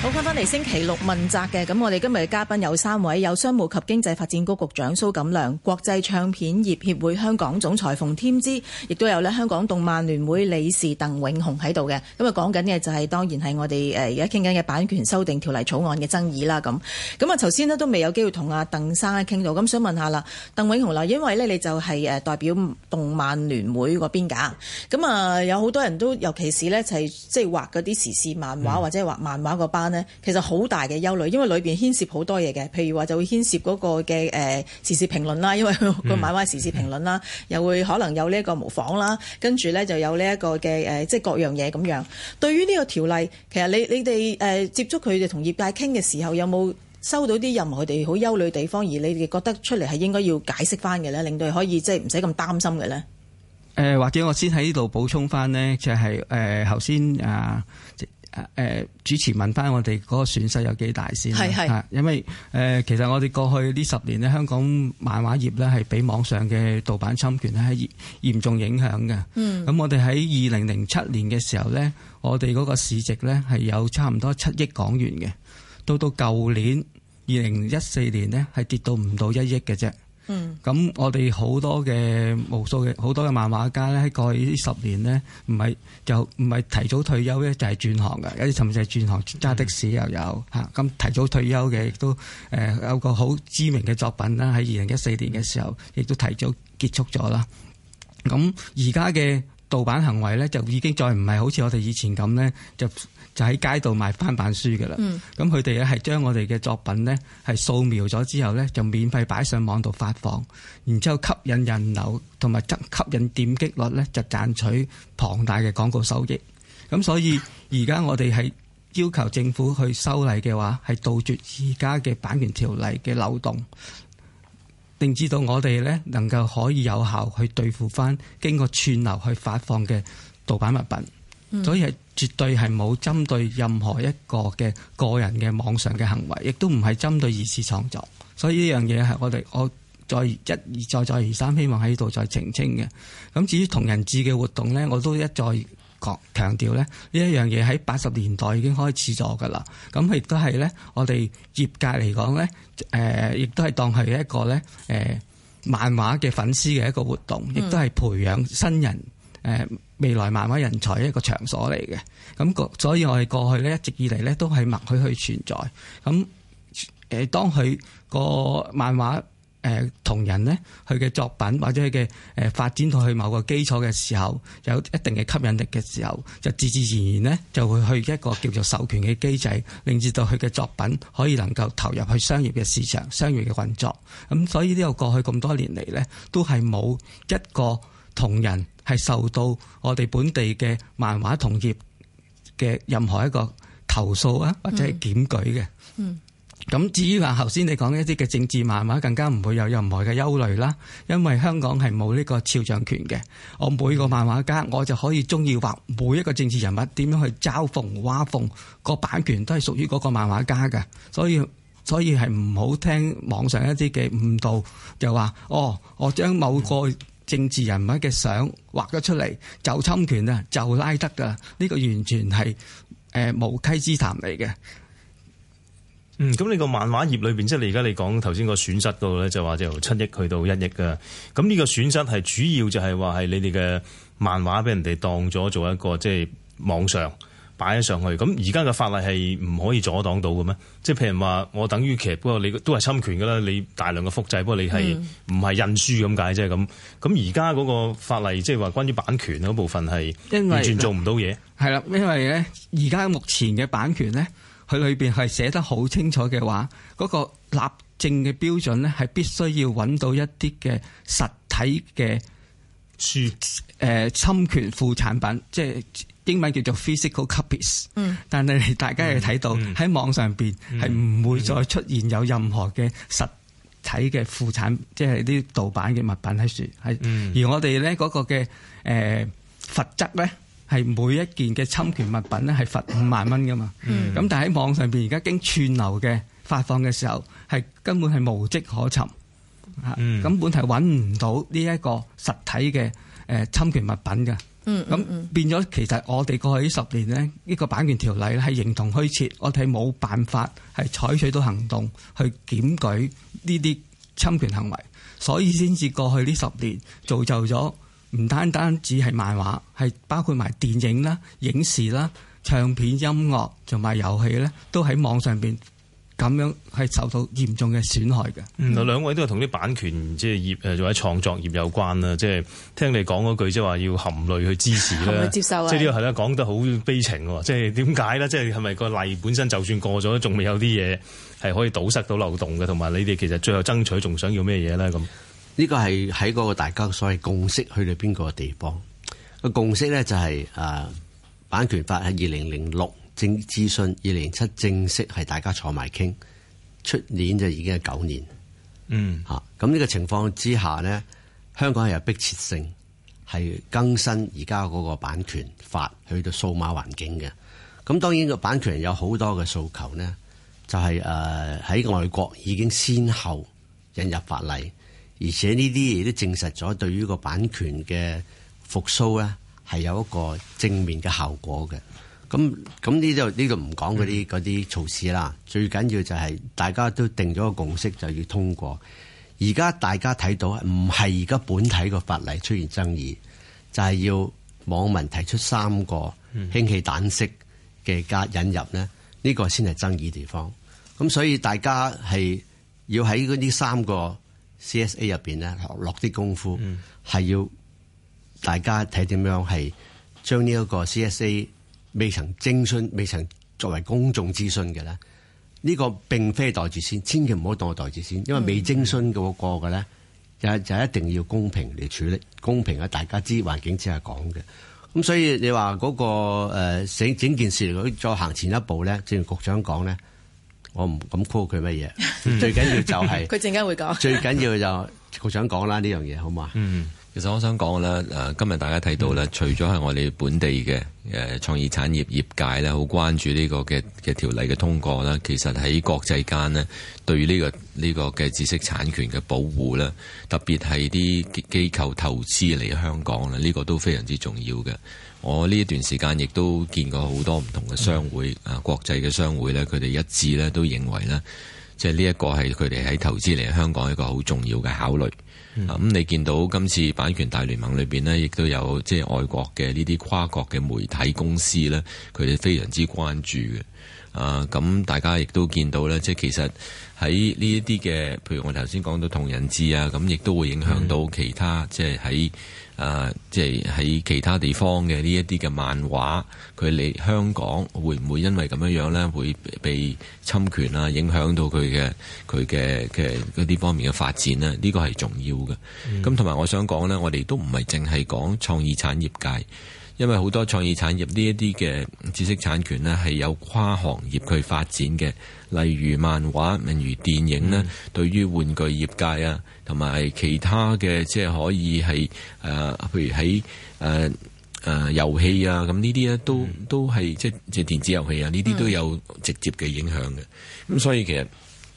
好翻翻嚟星期六問責嘅，咁我哋今日嘅嘉賓有三位，有商務及經濟發展局局長蘇錦梁，國際唱片業協會香港總裁馮添枝，亦都有咧香港動漫聯會理事鄧永雄喺度嘅。咁啊，講緊嘅就係當然係我哋誒而家傾緊嘅版權修訂條例草案嘅爭議啦。咁咁啊，頭先咧都未有機會同阿鄧生傾到，咁想問下啦，鄧永雄啦，因為咧你就係誒代表動漫聯會個邊噶，咁啊有好多人都，尤其是呢，就係即係畫嗰啲時事漫畫或者係畫漫畫個班，其實好大嘅憂慮，因為裏邊牽涉好多嘢嘅，譬如話就會牽涉嗰個嘅誒、呃、時事評論啦，因為個買賣時事評論啦，又會可能有呢一個模仿啦，跟住咧就有呢一個嘅誒、呃、即係各樣嘢咁樣。對於呢個條例，其實你你哋誒、呃、接觸佢哋同業界傾嘅時候，有冇收到啲任何佢哋好憂慮嘅地方，而你哋覺得出嚟係應該要解釋翻嘅咧，令到可以即係唔使咁擔心嘅咧？誒、呃，或者我先喺呢度補充翻呢，就係誒頭先啊。誒誒，主持問翻我哋嗰個損失有幾大先啦，因為誒、呃、其實我哋過去呢十年咧，香港漫畫業咧係俾網上嘅盜版侵權咧係嚴重影響嘅。咁、嗯、我哋喺二零零七年嘅時候咧，我哋嗰個市值咧係有差唔多七億港元嘅，到到舊年二零一四年咧係跌到唔到一億嘅啫。嗯，咁我哋好多嘅無數嘅好多嘅漫畫家咧，喺過去呢十年咧，唔係就唔係提早退休咧，就係、是、轉行嘅，有啲甚至係轉行揸的士又有嚇。咁、嗯、提早退休嘅亦都有個好知名嘅作品啦，喺二零一四年嘅時候，亦都提早結束咗啦。咁而家嘅盜版行為咧，就已經再唔係好似我哋以前咁咧，就。就喺街度賣翻版書嘅啦，咁佢哋咧係將我哋嘅作品呢係掃描咗之後呢，就免費擺上網度發放，然之後吸引人流同埋吸引點擊率呢，就賺取龐大嘅廣告收益。咁所以而家我哋係要求政府去修例嘅話，係杜絕而家嘅版權條例嘅漏洞，令到我哋呢能夠可以有效去對付翻經過串流去發放嘅盜版物品。所以係絕對係冇針對任何一個嘅個人嘅網上嘅行為，亦都唔係針對二次創作。所以呢樣嘢係我哋我再一而再再而三希望喺度再澄清嘅。咁至於同人誌嘅活動呢，我都一再強強調呢，呢一樣嘢喺八十年代已經開始咗㗎啦。咁亦都係呢，我哋業界嚟講呢，誒亦都係當係一個呢，誒漫畫嘅粉絲嘅一個活動，亦都係培養新人。誒，未來漫畫人才的一個場所嚟嘅，咁所以我哋過去咧一直以嚟咧都係默許去存在。咁誒，當佢個漫畫誒同人咧，佢嘅作品或者佢嘅誒發展到去某個基礎嘅時候，有一定嘅吸引力嘅時候，就自自然然咧就會去一個叫做授權嘅機制，令至到佢嘅作品可以能夠投入去商業嘅市場、商業嘅運作。咁所以呢個過去咁多年嚟呢，都係冇一個。同人係受到我哋本地嘅漫畫同業嘅任何一個投訴啊，或者係檢舉嘅。咁至於話頭先你講一啲嘅政治漫畫，更加唔會有任何嘅憂慮啦。因為香港係冇呢個肖像權嘅，我每個漫畫家我就可以鍾意畫每一個政治人物點樣去嘲諷挖諷，個版權都係屬於嗰個漫畫家嘅。所以所以係唔好聽網上一啲嘅誤導，就話哦，我將某個。政治人物嘅相畫咗出嚟就侵權啊，就拉得噶，呢、這個完全係誒、呃、無稽之談嚟嘅。嗯，咁你個漫畫業裏邊，即係你而家你講頭先個損失度咧，就話就由七億去到一億噶。咁呢個損失係主要就係話係你哋嘅漫畫俾人哋當咗做一個即係、就是、網上。擺咗上去，咁而家嘅法例係唔可以阻擋到嘅咩？即係譬如話，我等於其實不過你都係侵權㗎啦，你大量嘅複製不過你係唔係印書咁解？啫？係咁。咁而家嗰個法例即係話關於版權嗰部分係完全做唔到嘢。係啦，因為咧而家目前嘅版權咧，佢裏邊係寫得好清楚嘅話，嗰、嗰個立證嘅標準咧係必須要揾到一啲嘅實體嘅誒侵權副產品，即係。英文叫做 physical copies，但係大家又睇到喺網上邊係唔會再出現有任何嘅實體嘅副產，即係啲盜版嘅物品喺樹，係。而我哋咧嗰個嘅誒罰則咧，係每一件嘅侵權物品咧係罰五萬蚊噶嘛。咁但係喺網上邊而家經串流嘅發放嘅時候，係根本係無跡可尋，嚇根本係揾唔到呢一個實體嘅誒侵權物品嘅。咁、嗯嗯嗯、變咗，其實我哋過去呢十年呢，呢個版權條例係形同虛設，我哋冇辦法係採取到行動去檢舉呢啲侵權行為，所以先至過去呢十年造就咗唔單單只係漫畫，係包括埋電影啦、影視啦、唱片音樂同埋遊戲咧，都喺網上邊。咁樣係受到嚴重嘅損害嘅。嗯，兩位都係同啲版權即係業誒，做喺創作業有關啦。即係聽你講嗰句，即係話要含淚去支持啦。係咪接受啊？即係呢個係啦，講得好悲情喎。即係點解咧？即係係咪個例本身就算過咗，仲未有啲嘢係可以堵塞到漏洞嘅？同埋你哋其實最後爭取仲想要咩嘢咧？咁、這、呢個係喺嗰個大家所謂共識去到邊個地方？個共識咧就係、是呃、版權法係二零零六。正資訊二零零七正式係大家坐埋傾，出年就已經係九年。嗯，咁，啊，呢個情況之下呢，香港係有迫切性係更新而家嗰個版權法去到數碼環境嘅。咁當然個版權有好多嘅訴求呢，就係誒喺外國已經先後引入法例，而且呢啲嘢都證實咗對於個版權嘅復甦呢係有一個正面嘅效果嘅。咁咁呢度呢度唔講嗰啲嗰啲措施啦、嗯。最緊要就係大家都定咗個共識，就要通過。而家大家睇到唔係而家本體個法例出現爭議，就係、是、要網民提出三個氫氣彈式嘅加引入咧，呢、嗯呢個先係爭議地方。咁所以大家係要喺嗰啲三個 C S A 入面咧落啲功夫，係、嗯、要大家睇點樣係將呢一個 C S A。未曾徵詢，未曾作為公眾諮詢嘅咧，呢、呢個並非代住先，千祈唔好當我代住先，因為未徵詢嗰個嘅咧，就、嗯、就一定要公平嚟處理，公平啊，大家知環境之下講嘅。咁所以你話嗰、嗰個、呃、整件事嚟講，再行前一步咧，正如局長講咧，我唔敢估佢乜嘢，最緊要就係佢陣間會講，最緊要就局長講啦呢樣嘢，好嘛？嗯。其實我想講咧，誒，今日大家睇到咧，除咗係我哋本地嘅，誒，創意產業業界咧，好關注呢個嘅嘅條例嘅通過啦。其實喺國際間咧，對呢個呢個嘅知識產權嘅保護咧，特別係啲機構投資嚟香港啦，呢個都非常之重要嘅。我呢一段時間亦都見過好多唔同嘅商會啊，國際嘅商會咧，佢哋一致咧都認為呢，即係呢一個係佢哋喺投資嚟香港一個好重要嘅考慮。咁、嗯、你見到今次版權大聯盟裏面呢，亦都有即係外國嘅呢啲跨國嘅媒體公司呢，佢哋非常之關注嘅。啊，咁大家亦都見到呢，即係其實喺呢一啲嘅，譬如我頭先講到《同人志》啊，咁亦都會影響到其他，嗯、即係喺。誒、啊，即係喺其他地方嘅呢一啲嘅漫畫，佢嚟香港會唔會因為咁樣樣呢會被，被侵權啊？影響到佢嘅佢嘅嘅啲方面嘅發展呢？呢、呢個係重要嘅。咁同埋我想講呢，我哋都唔係淨係講創意產業界，因為好多創意產業呢一啲嘅知識產權呢，係有跨行業去發展嘅。例如漫畫，例如電影咧，對於玩具業界啊，同埋其他嘅即係可以係誒、呃，譬如喺誒誒遊戲啊，咁呢啲咧都都係即係即係電子遊戲啊，呢啲都有直接嘅影響嘅。咁所以其實，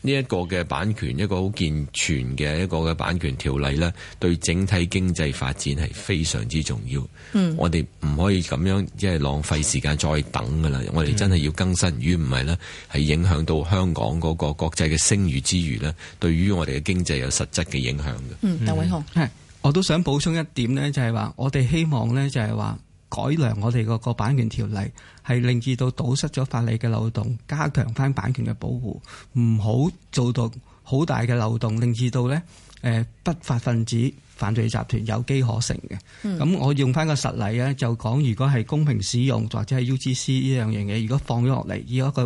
呢一個嘅版權，一個好健全嘅一個嘅版權條例呢，對整體經濟發展係非常之重要。嗯，我哋唔可以咁樣即係浪費時間再等㗎喇。我哋真係要更新，如果唔係呢，係影響到香港嗰個國際嘅聲譽之餘呢，對於我哋嘅經濟有實質嘅影響嘅。嗯，鄧永雄係，我都想補充一點呢，就係話我哋希望呢，就係話。改良我哋個版權條例，係令至到堵塞咗法例嘅漏洞，加強翻版權嘅保護，唔好做到好大嘅漏洞，令至到咧誒不法分子犯罪集團有機可乘嘅。咁、嗯、我用翻個實例咧，就講如果係公平使用或者係 UGC 呢樣嘢，如果放咗落嚟，以一個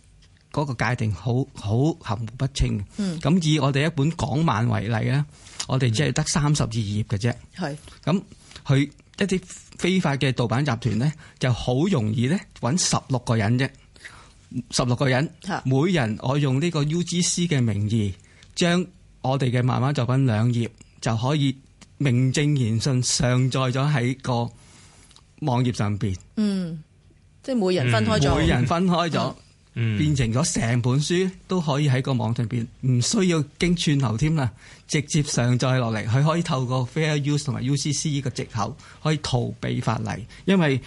嗰個界定好好含糊不清嘅，咁以我哋一本港漫為例咧，我哋只係得三十二頁嘅啫。係咁，佢一啲非法嘅盜版集團咧，就好容易咧揾十六個人啫，十六個人，每人我用呢個 UGC 嘅名義，將我哋嘅漫畫作品兩頁就可以名正言順上載咗喺個網頁上邊。嗯，即係每人分開咗，每人分開咗。嗯，變成咗成本書都可以喺個網上邊，唔需要經串流添啦。直接上載落嚟，佢可以透過 Fair Use 同埋 UCC 呢個藉口，可以逃避法例，因為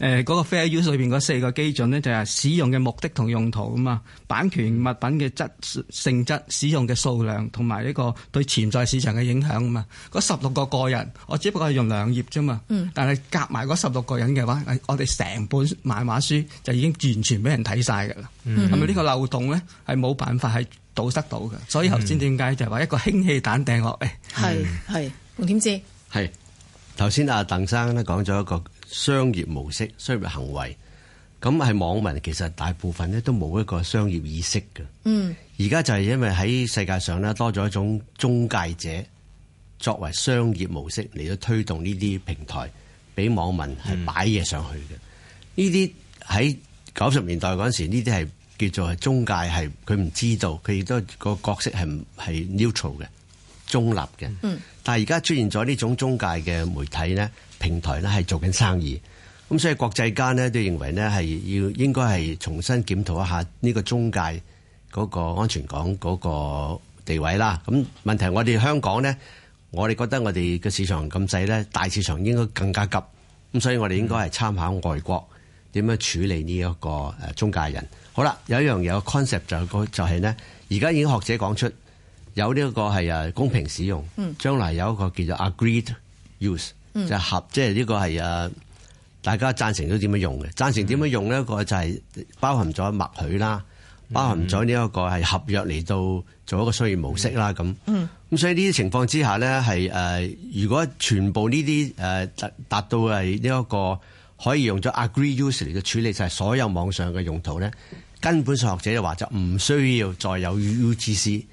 誒嗰個 Fair Use 裏面嗰四個基準呢，就係使用嘅目的同用途啊嘛，版權物品嘅質性質、使用嘅數量同埋呢個對潛在市場嘅影響啊嘛。嗰十六個個人，我只不過係用兩頁啫嘛、嗯，但係夾埋嗰十六個人嘅話，我哋成本漫畫書就已經完全俾人睇晒㗎啦。係咪呢個漏洞呢，係冇辦法係？堵得到嘅，所以頭先點解就話、係、一個氫氣彈掟落？係係，我點知？係、嗯、頭、嗯、先阿鄧生咧講咗一個商業模式、商業行為。咁係網民其實大部分咧都冇一個商業意識嘅。嗯，而家就係因為喺世界上咧多咗一種中介者，作為商業模式嚟到推動呢啲平台，俾網民係擺嘢上去嘅。呢啲喺九十年代嗰時呢啲係。叫做係中介是，係佢唔知道，佢亦都、個角色係係 neutral 嘅，中立嘅。但係而家出現咗呢種中介嘅媒體咧，平台咧係做緊生意，咁所以國際間咧都認為咧係要應該係重新檢討一下呢個中介嗰個安全港嗰個地位啦。咁問題我哋香港咧，我哋覺得我哋嘅市場咁細咧，大市場應該更加急咁，所以我哋應該係參考外國點樣處理呢一個誒中介人。好啦，有一樣嘢個 concept 就係就係咧，而家已經學者講出有呢一個係公平使用，將來有一個叫做 agreed use、嗯、就合、是，即係呢個係大家贊成都點樣用嘅？贊成點樣用呢一個就係、是、包含咗默許啦，包含咗呢一個係合約嚟到做一個商業模式啦咁。咁、嗯嗯、所以呢啲情況之下咧，係如果全部呢啲誒達達到係呢一個。可以用咗 agree use 嚟嘅處理晒所有網上嘅用途咧，根本上學者就話就唔需要再有 UGC，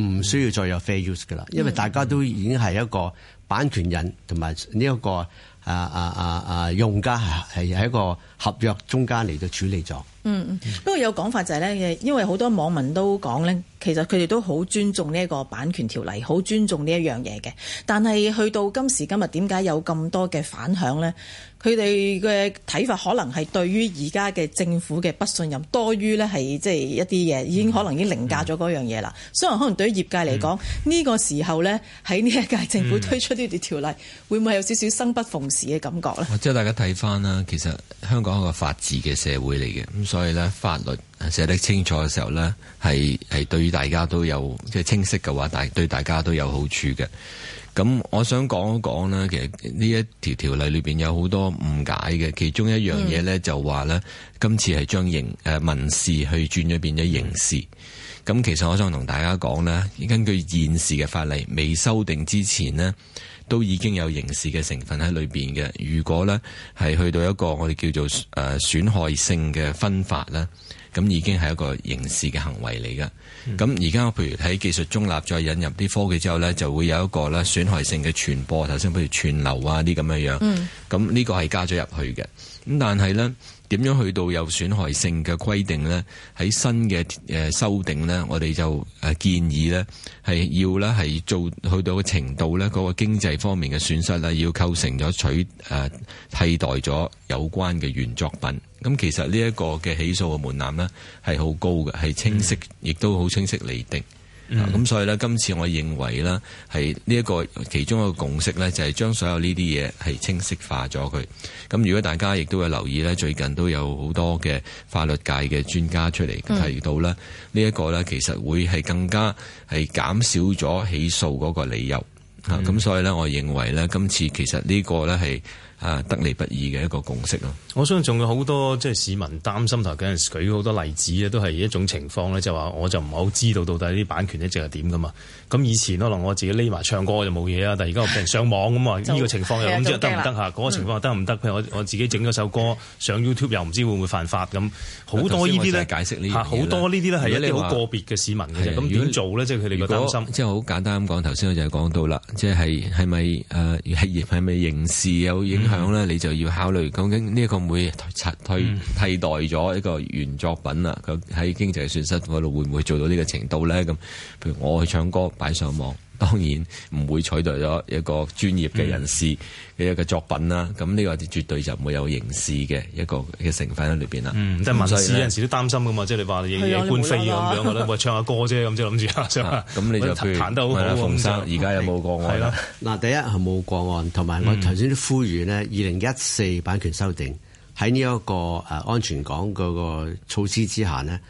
唔需要再有 fair use 噶啦，因為大家都已經係一個版權人同埋呢一個啊啊啊啊用家係係一個。合約中間嚟到處理咗。嗯嗯，不過有講法就係呢，因為好多網民都講呢，其實佢哋都好尊重呢個版權條例，好尊重呢一樣嘢嘅。但係去到今時今日，點解有咁多嘅反響呢？佢哋嘅睇法可能係對於而家嘅政府嘅不信任，多於呢係即係一啲嘢已經可能已經凌駕咗嗰樣嘢啦。所以可能對於業界嚟講，呢、嗯呢個時候呢，喺呢一屆政府推出呢條條例，嗯、會唔會有少少生不逢時嘅感覺呢？我即係大家睇翻啦，其實香港，個法治嘅社會嚟嘅，咁所以呢，法律寫得清楚嘅時候呢，係係對大家都有即係清晰嘅話，大對大家都有好處嘅。咁我想講一講呢，其實呢一條條例裏邊有好多誤解嘅，其中一樣嘢呢，就話呢，今次係將刑誒民事去轉咗變咗刑事。咁其實我想同大家講呢，根據現時嘅法例，未修訂之前呢。都已經有刑事嘅成分喺裏面嘅。如果呢係去到一個我哋叫做誒、呃、損害性嘅分發呢，咁已經係一個刑事嘅行為嚟嘅。咁而家我譬如喺技術中立再引入啲科技之後呢，就會有一個咧損害性嘅傳播。頭先譬如串流啊啲咁樣樣，咁、嗯、呢個係加咗入去嘅。咁但係呢。點樣去到有損害性嘅規定呢？喺新嘅誒、呃、修訂呢，我哋就誒、呃、建議呢係要呢係做去到個程度呢嗰、那個經濟方面嘅損失呢，要構成咗取誒、呃、替代咗有關嘅原作品。咁、嗯、其實呢一個嘅起訴嘅門檻呢，係好高嘅，係清晰，亦、嗯、都好清晰釐定。咁、mm -hmm。所以呢，今次我認為呢係呢一個其中一個共識呢，就係將所有呢啲嘢係清晰化咗佢。咁如果大家亦都有留意呢，最近都有好多嘅法律界嘅專家出嚟提到呢，呢一個呢其實會係更加係減少咗起訴嗰個理由。咁、mm -hmm。所以呢，我認為呢，今次其實呢個呢係。啊，得嚟不易嘅一個共識咯。我相信仲有好多即係市民擔心，頭嗰陣時舉好多例子咧，都係一種情況咧，就係話，我就唔好知道到底啲版權一直係點噶嘛。咁以前可能我自己匿埋唱歌，就冇嘢啊。但係而家我平時上網咁啊，呢 個情況又唔知得唔得吓？嗰個情況又得唔得？譬如我我自己整咗首歌上 YouTube 又唔知道會唔會犯法咁。好多呢啲咧，好多呢啲咧係一啲好個別嘅市民嘅啫，咁點做咧？即係佢哋嘅擔心。即係好簡單咁講，頭先我就係講到啦，即係係咪誒係咪刑事有影響咧、嗯？你就要考慮究竟呢一個會唔會拆退替代咗一個原作品啦，喺、嗯、經濟損失嗰度會唔會做到呢個程度咧？咁譬如我去唱歌擺上網。當然唔會取代咗一個專業嘅人士嘅一個作品啦。咁、嗯、呢個就絕對就唔會有刑事嘅一個嘅成分喺裏邊啦。即、嗯、係民眾有陣時都擔心噶嘛。即、就、係、是啊啊、你話惹官非咁樣，覺得喂唱下歌啫咁啫諗住啊。咁、啊、你就彈得好啊，馮生。而家有冇個案？嗱、嗯，第一係冇個案，同埋我頭先都呼籲呢，二零一四版權修訂喺呢一個誒安全港嗰個措施之下呢，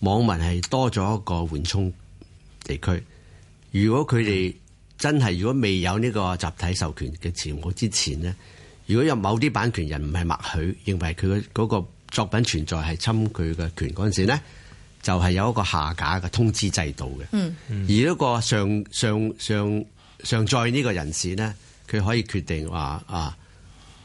網民係多咗一個緩衝地區。如果佢哋真係，如果未有呢個集體授權嘅條款之前呢，如果有某啲版權人唔係默許，認為佢嗰個作品存在係侵佢嘅權嗰陣時咧，就係有一個下架嘅通知制度嘅。嗯，而一個上上上上載呢個人士呢，佢可以決定話啊，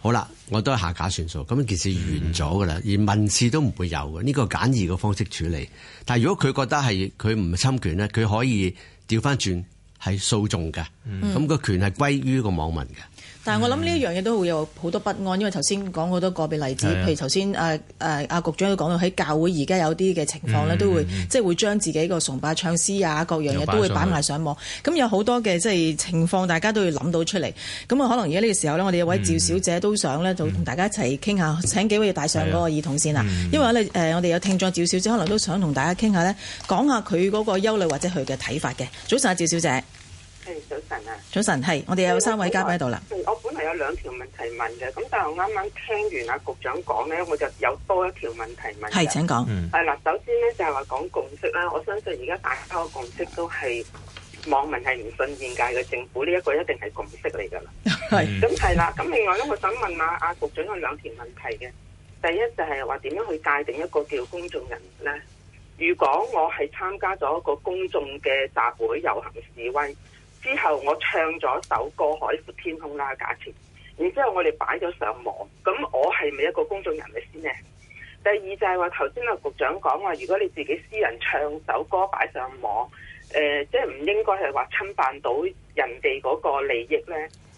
好啦，我都係下架算數，咁件事完咗噶啦，而民事都唔會有嘅呢個簡易嘅方式處理。但係如果佢覺得係佢唔侵權呢，佢可以。調翻轉係訴訟嘅，咁個權係歸於個網民嘅。但係我諗呢一樣嘢都會有好多不安，因為頭先講好多個別例子，譬如頭先誒誒阿局長都講到喺教會而家有啲嘅情況咧，都會、嗯、即係會將自己個崇拜唱詩啊各樣嘢都會擺埋上網。咁有好多嘅即係情況，大家都要諗到出嚟。咁啊，可能而家呢個時候呢我哋有位趙小姐都想呢、嗯，就同大家一齊傾下。請幾位戴上嗰個耳筒先啦、嗯、因為、呃、我哋有聽眾趙小姐，可能都想同大家傾下呢，講下佢嗰個憂慮或者佢嘅睇法嘅。早晨啊，趙小姐。早晨啊！早晨係，我哋有三位嘉賓喺度啦。我本來有兩條問題問嘅，咁但係我啱啱聽完阿、啊、局長講咧，我就有多一條問題問。係，請講。嗯。係啦，首先咧就係話講共識啦，我相信而家大家嘅共識都係網民係唔信現屆嘅政府，呢一個一定係共識嚟，噶啦。係。咁係啦，咁、啊、另外咧，我想問下、啊、阿局長有兩條問題嘅。第一就係話點樣去界定一個叫公眾人咧？如果我係參加咗一個公眾嘅集會遊行示威？之後我唱咗首歌《海闊天空》啦，假設，然之後我哋擺咗上網，咁我係咪一個公眾人物先呢？第二就係話，頭先阿局長講話，如果你自己私人唱首歌擺上網，誒、呃，即係唔應該係話侵犯到人哋嗰個利益呢。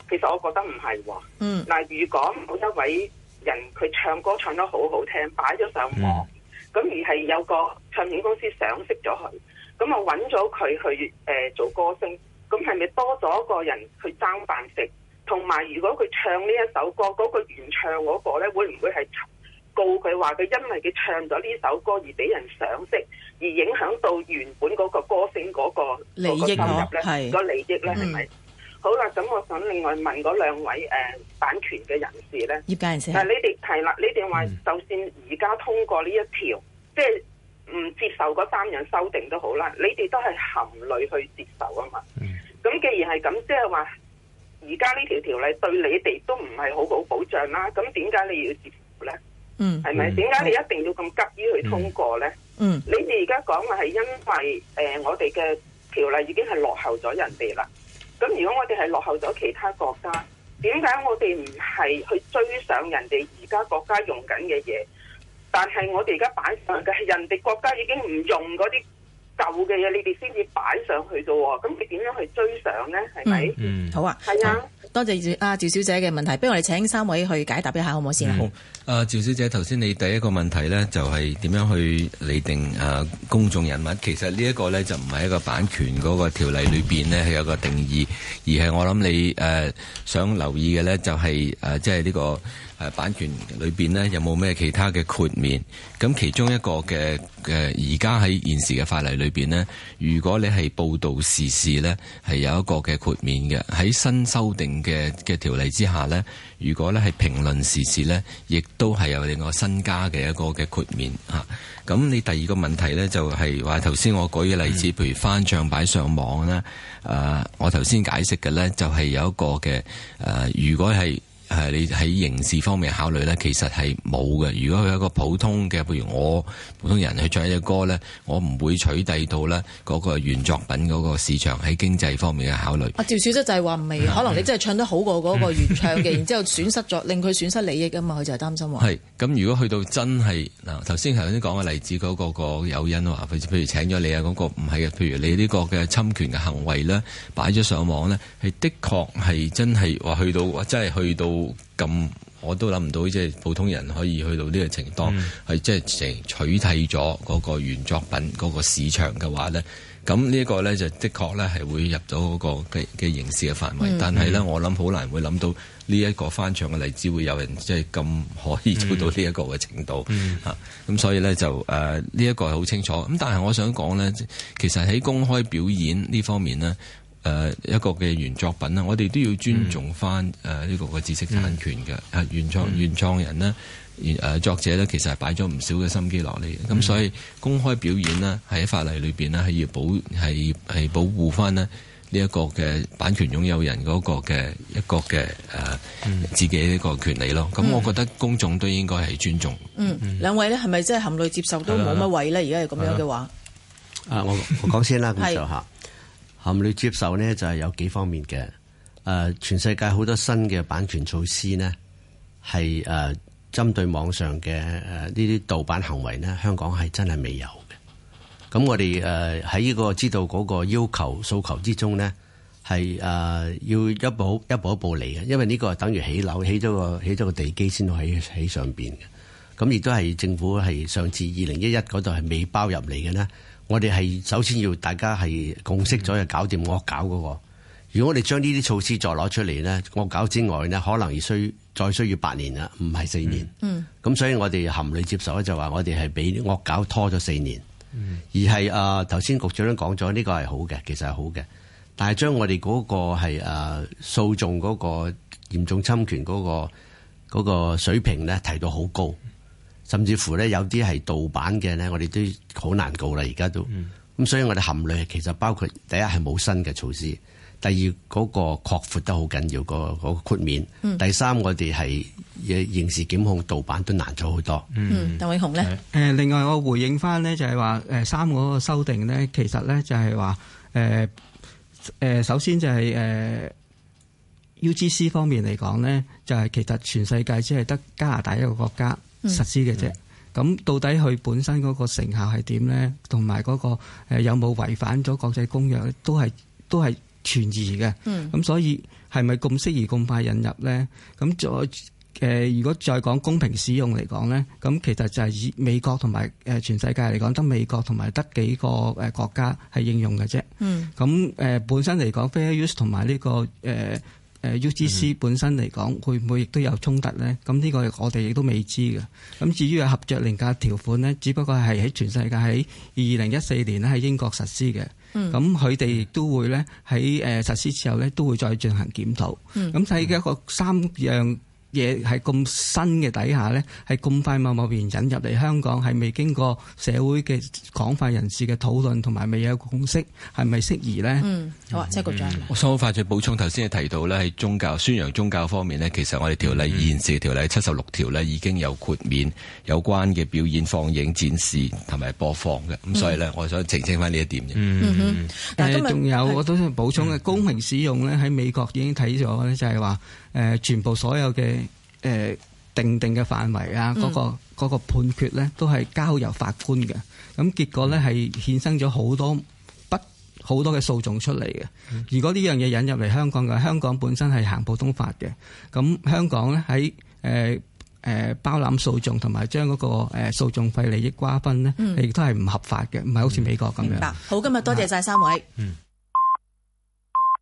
其實我覺得唔係喎。嗯。嗱，如果有一位人佢唱歌唱得好好聽，擺咗上網，咁、嗯、而係有個唱片公司賞識咗佢，咁啊揾咗佢去誒、呃、做歌星。咁係咪多咗一個人去爭飯食？同埋，如果佢唱呢一首歌，嗰、嗰個原唱嗰個咧，會唔會係告佢話佢因為佢唱咗呢首歌而俾人賞識，而影響到原本嗰個歌星嗰、嗰個利益咧？係、嗰個呢利益咧？係、嗯、咪？好啦，咁我想另外問嗰兩位誒、呃、版權嘅人士咧，但係你哋係啦，你哋話就算而家通過呢一條、嗯，即係唔接受嗰三人修訂都好啦，你哋都係含淚去接受啊嘛。嗯咁既然係咁，即係話，而家呢條條例對你哋都唔係好好保障啦。咁點解你要接受咧？嗯，係咪？點、嗯、解你一定要咁急於去通過咧、嗯？嗯，你哋而家講嘅，係因為誒、呃，我哋嘅條例已經係落後咗人哋啦。咁如果我哋係落後咗其他國家，點解我哋唔係去追上人哋而家國家用緊嘅嘢？但係我哋而家擺上嘅係人哋國家已經唔用嗰啲。舊嘅嘢，你哋先至擺上去啫喎，咁你點樣去追上咧？係咪？嗯，嗯，好啊，係啊。嗯多謝阿趙小姐嘅問題，不如我哋請三位去解答一下好唔好先啦？好。趙小姐，頭先你第一個問題呢，就係點樣去釐定啊公眾人物？其實呢一個呢，就唔係一個版權嗰個條例裏邊呢，係有個定義，而係我諗你誒想留意嘅呢，就係誒即係呢個誒版權裏邊呢，有冇咩其他嘅豁免？咁其中一個嘅誒而家喺現時嘅法例裏邊呢，如果你係報導時事呢，係有一個嘅豁免嘅喺新修訂嘅嘅條例之下呢，如果呢係評論時事呢，亦都係有另外新加嘅一個嘅豁免。吓。咁你第二個問題呢，就係，就係話頭先我舉嘅例子，譬如翻唱擺上網呢，誒，我頭先解釋嘅呢，就係有一個嘅誒，如果係。係你喺刑事方面考慮呢，其實係冇嘅。如果佢係一個普通嘅，譬如我普通人去唱一隻歌呢，我唔會取締到呢嗰個原作品嗰個市場喺經濟方面嘅考慮。啊，趙小姐就係話唔係，可能你真係唱得好過嗰個原唱嘅，然之後損失咗，令佢損失利益啊嘛，佢就係擔心喎。係咁，如果去到真係嗱，頭先頭先講嘅例子嗰、嗰個、嗰個有因話，譬如譬如請咗你啊嗰、嗰個唔係嘅，譬如你呢個嘅侵權嘅行為呢，擺咗上網呢，係的確係真係話去到，真係去到。咁我都諗唔到，即係普通人可以去到呢個程度，係、嗯、即係成取締咗嗰個原作品嗰、嗰個市場嘅話這呢。咁呢一個咧就的確呢係會入咗嗰個嘅嘅刑事嘅範圍。但係呢，嗯、我諗好難會諗到呢一個翻唱嘅例子會有人即係咁可以做到呢一個嘅程度吓。咁、嗯嗯啊、所以呢，就誒呢一個係好清楚。咁但係我想講呢，其實喺公開表演呢方面呢。誒、呃，一個嘅原作品我哋都要尊重翻，誒呢個嘅知識產權嘅，嗯嗯，原創原創人呢，誒作者呢，其實擺咗唔少嘅心機落嚟，咁所以公開表演呢，喺法例裏邊呢，係要保，係係保護翻呢一個嘅版權擁有人嗰個嘅一個嘅誒、嗯、自己一個權利咯。咁我覺得公眾都應該係尊重。嗯，兩、嗯、位呢，係咪真係含淚接受都冇乜謂呢？而家係咁樣嘅話，啊，我我講先啦，咁上下。唔接受呢，就係、是、有幾方面嘅。誒、呃，全世界好多新嘅版權措施呢，係誒針對網上嘅誒呢啲盜版行為呢，香港係真係未有嘅。咁我哋誒喺呢個知道嗰個要求訴求之中呢，係誒、呃、要一步，一步一步一步嚟嘅，因為呢個係等於起樓，起咗個起咗個地基先到喺喺上邊嘅。咁亦都係政府係上次二零一一嗰度係未包入嚟嘅呢。我哋係首先要大家係共識咗，就搞掂惡搞嗰、嗰個。如果我哋將呢啲措施再攞出嚟咧，惡搞之外咧，可能需再需要八年啦，唔係四年。嗯。咁、嗯、所以我哋含淚接受咧，就話我哋係俾惡搞拖咗四年，嗯、而係啊頭先局長都講咗，呢、呢個係好嘅，其實係好嘅。但係將我哋嗰個係啊訴訟嗰個嚴重侵權嗰、嗰個嗰、嗰個、水平咧，提到好高。甚至乎咧，有啲係盜版嘅咧，我哋都好難告啦。而家都咁，所以我哋含類其實包括第一係冇新嘅措施，第二嗰、那個擴闊得好緊要，那個嗰個豁免。第三，我哋係刑事檢控盜版都難咗好多。嗯，嗯鄧永雄咧，誒另外我回應翻咧，就係話誒三嗰個，個修訂咧，其實咧就係話誒誒首先就係、是、誒、呃、U G C 方面嚟講咧，就係、是、其實全世界只係得加拿大一個國家。實施嘅啫，咁到底佢本身嗰個成效係點咧？同埋嗰個誒有冇違反咗國際公約咧？都係都係存疑嘅。咁所以係咪咁適宜咁快引入咧？咁再誒，如果再講公平使用嚟講咧，咁其實就係以美國同埋誒全世界嚟講，得美國同埋得幾個誒國家係應用嘅啫。咁誒本身嚟講，Fair Use 同埋呢個誒。UGC 本身嚟講，會唔會亦都有衝突咧？咁、這、呢個我哋亦都未知嘅。咁至於合作廉價條款咧，只不過係喺全世界喺二零一四年咧喺英國實施嘅。咁佢哋亦都會咧喺誒實施之後咧，都會再進行檢討。咁睇嘅一個三樣。嘢喺咁新嘅底下呢，喺咁快默默噉引入嚟香港，係未經過社會嘅廣泛人士嘅討論，同埋未有共識，係咪適宜呢？嗯，好啊，即係局長。我想好快再補充，頭先你提到呢，喺宗教宣揚宗教方面呢，其實我哋條例、嗯、現時條例七十六條呢，已經有豁免有關嘅表演、放映、展示同埋播放嘅，咁所以呢，嗯、我想澄清翻呢一點嘅。嗯，嗯但係仲有我都想補充嘅公平使用呢，喺美國已經睇咗呢，就係話。誒、呃、全部所有嘅誒、呃、定定嘅範圍啊，嗰、嗯那個嗰、那個、判決咧，都係交由法官嘅。咁結果咧係衍生咗好多不好多嘅訴訟出嚟嘅。如果呢樣嘢引入嚟香港嘅，香港本身係行普通法嘅。咁香港咧喺誒包攬訴訟同埋將嗰個誒訴訟費利益瓜分咧，亦都係唔合法嘅，唔係好似美國咁樣。明白。好，今日多謝晒三位。嗯。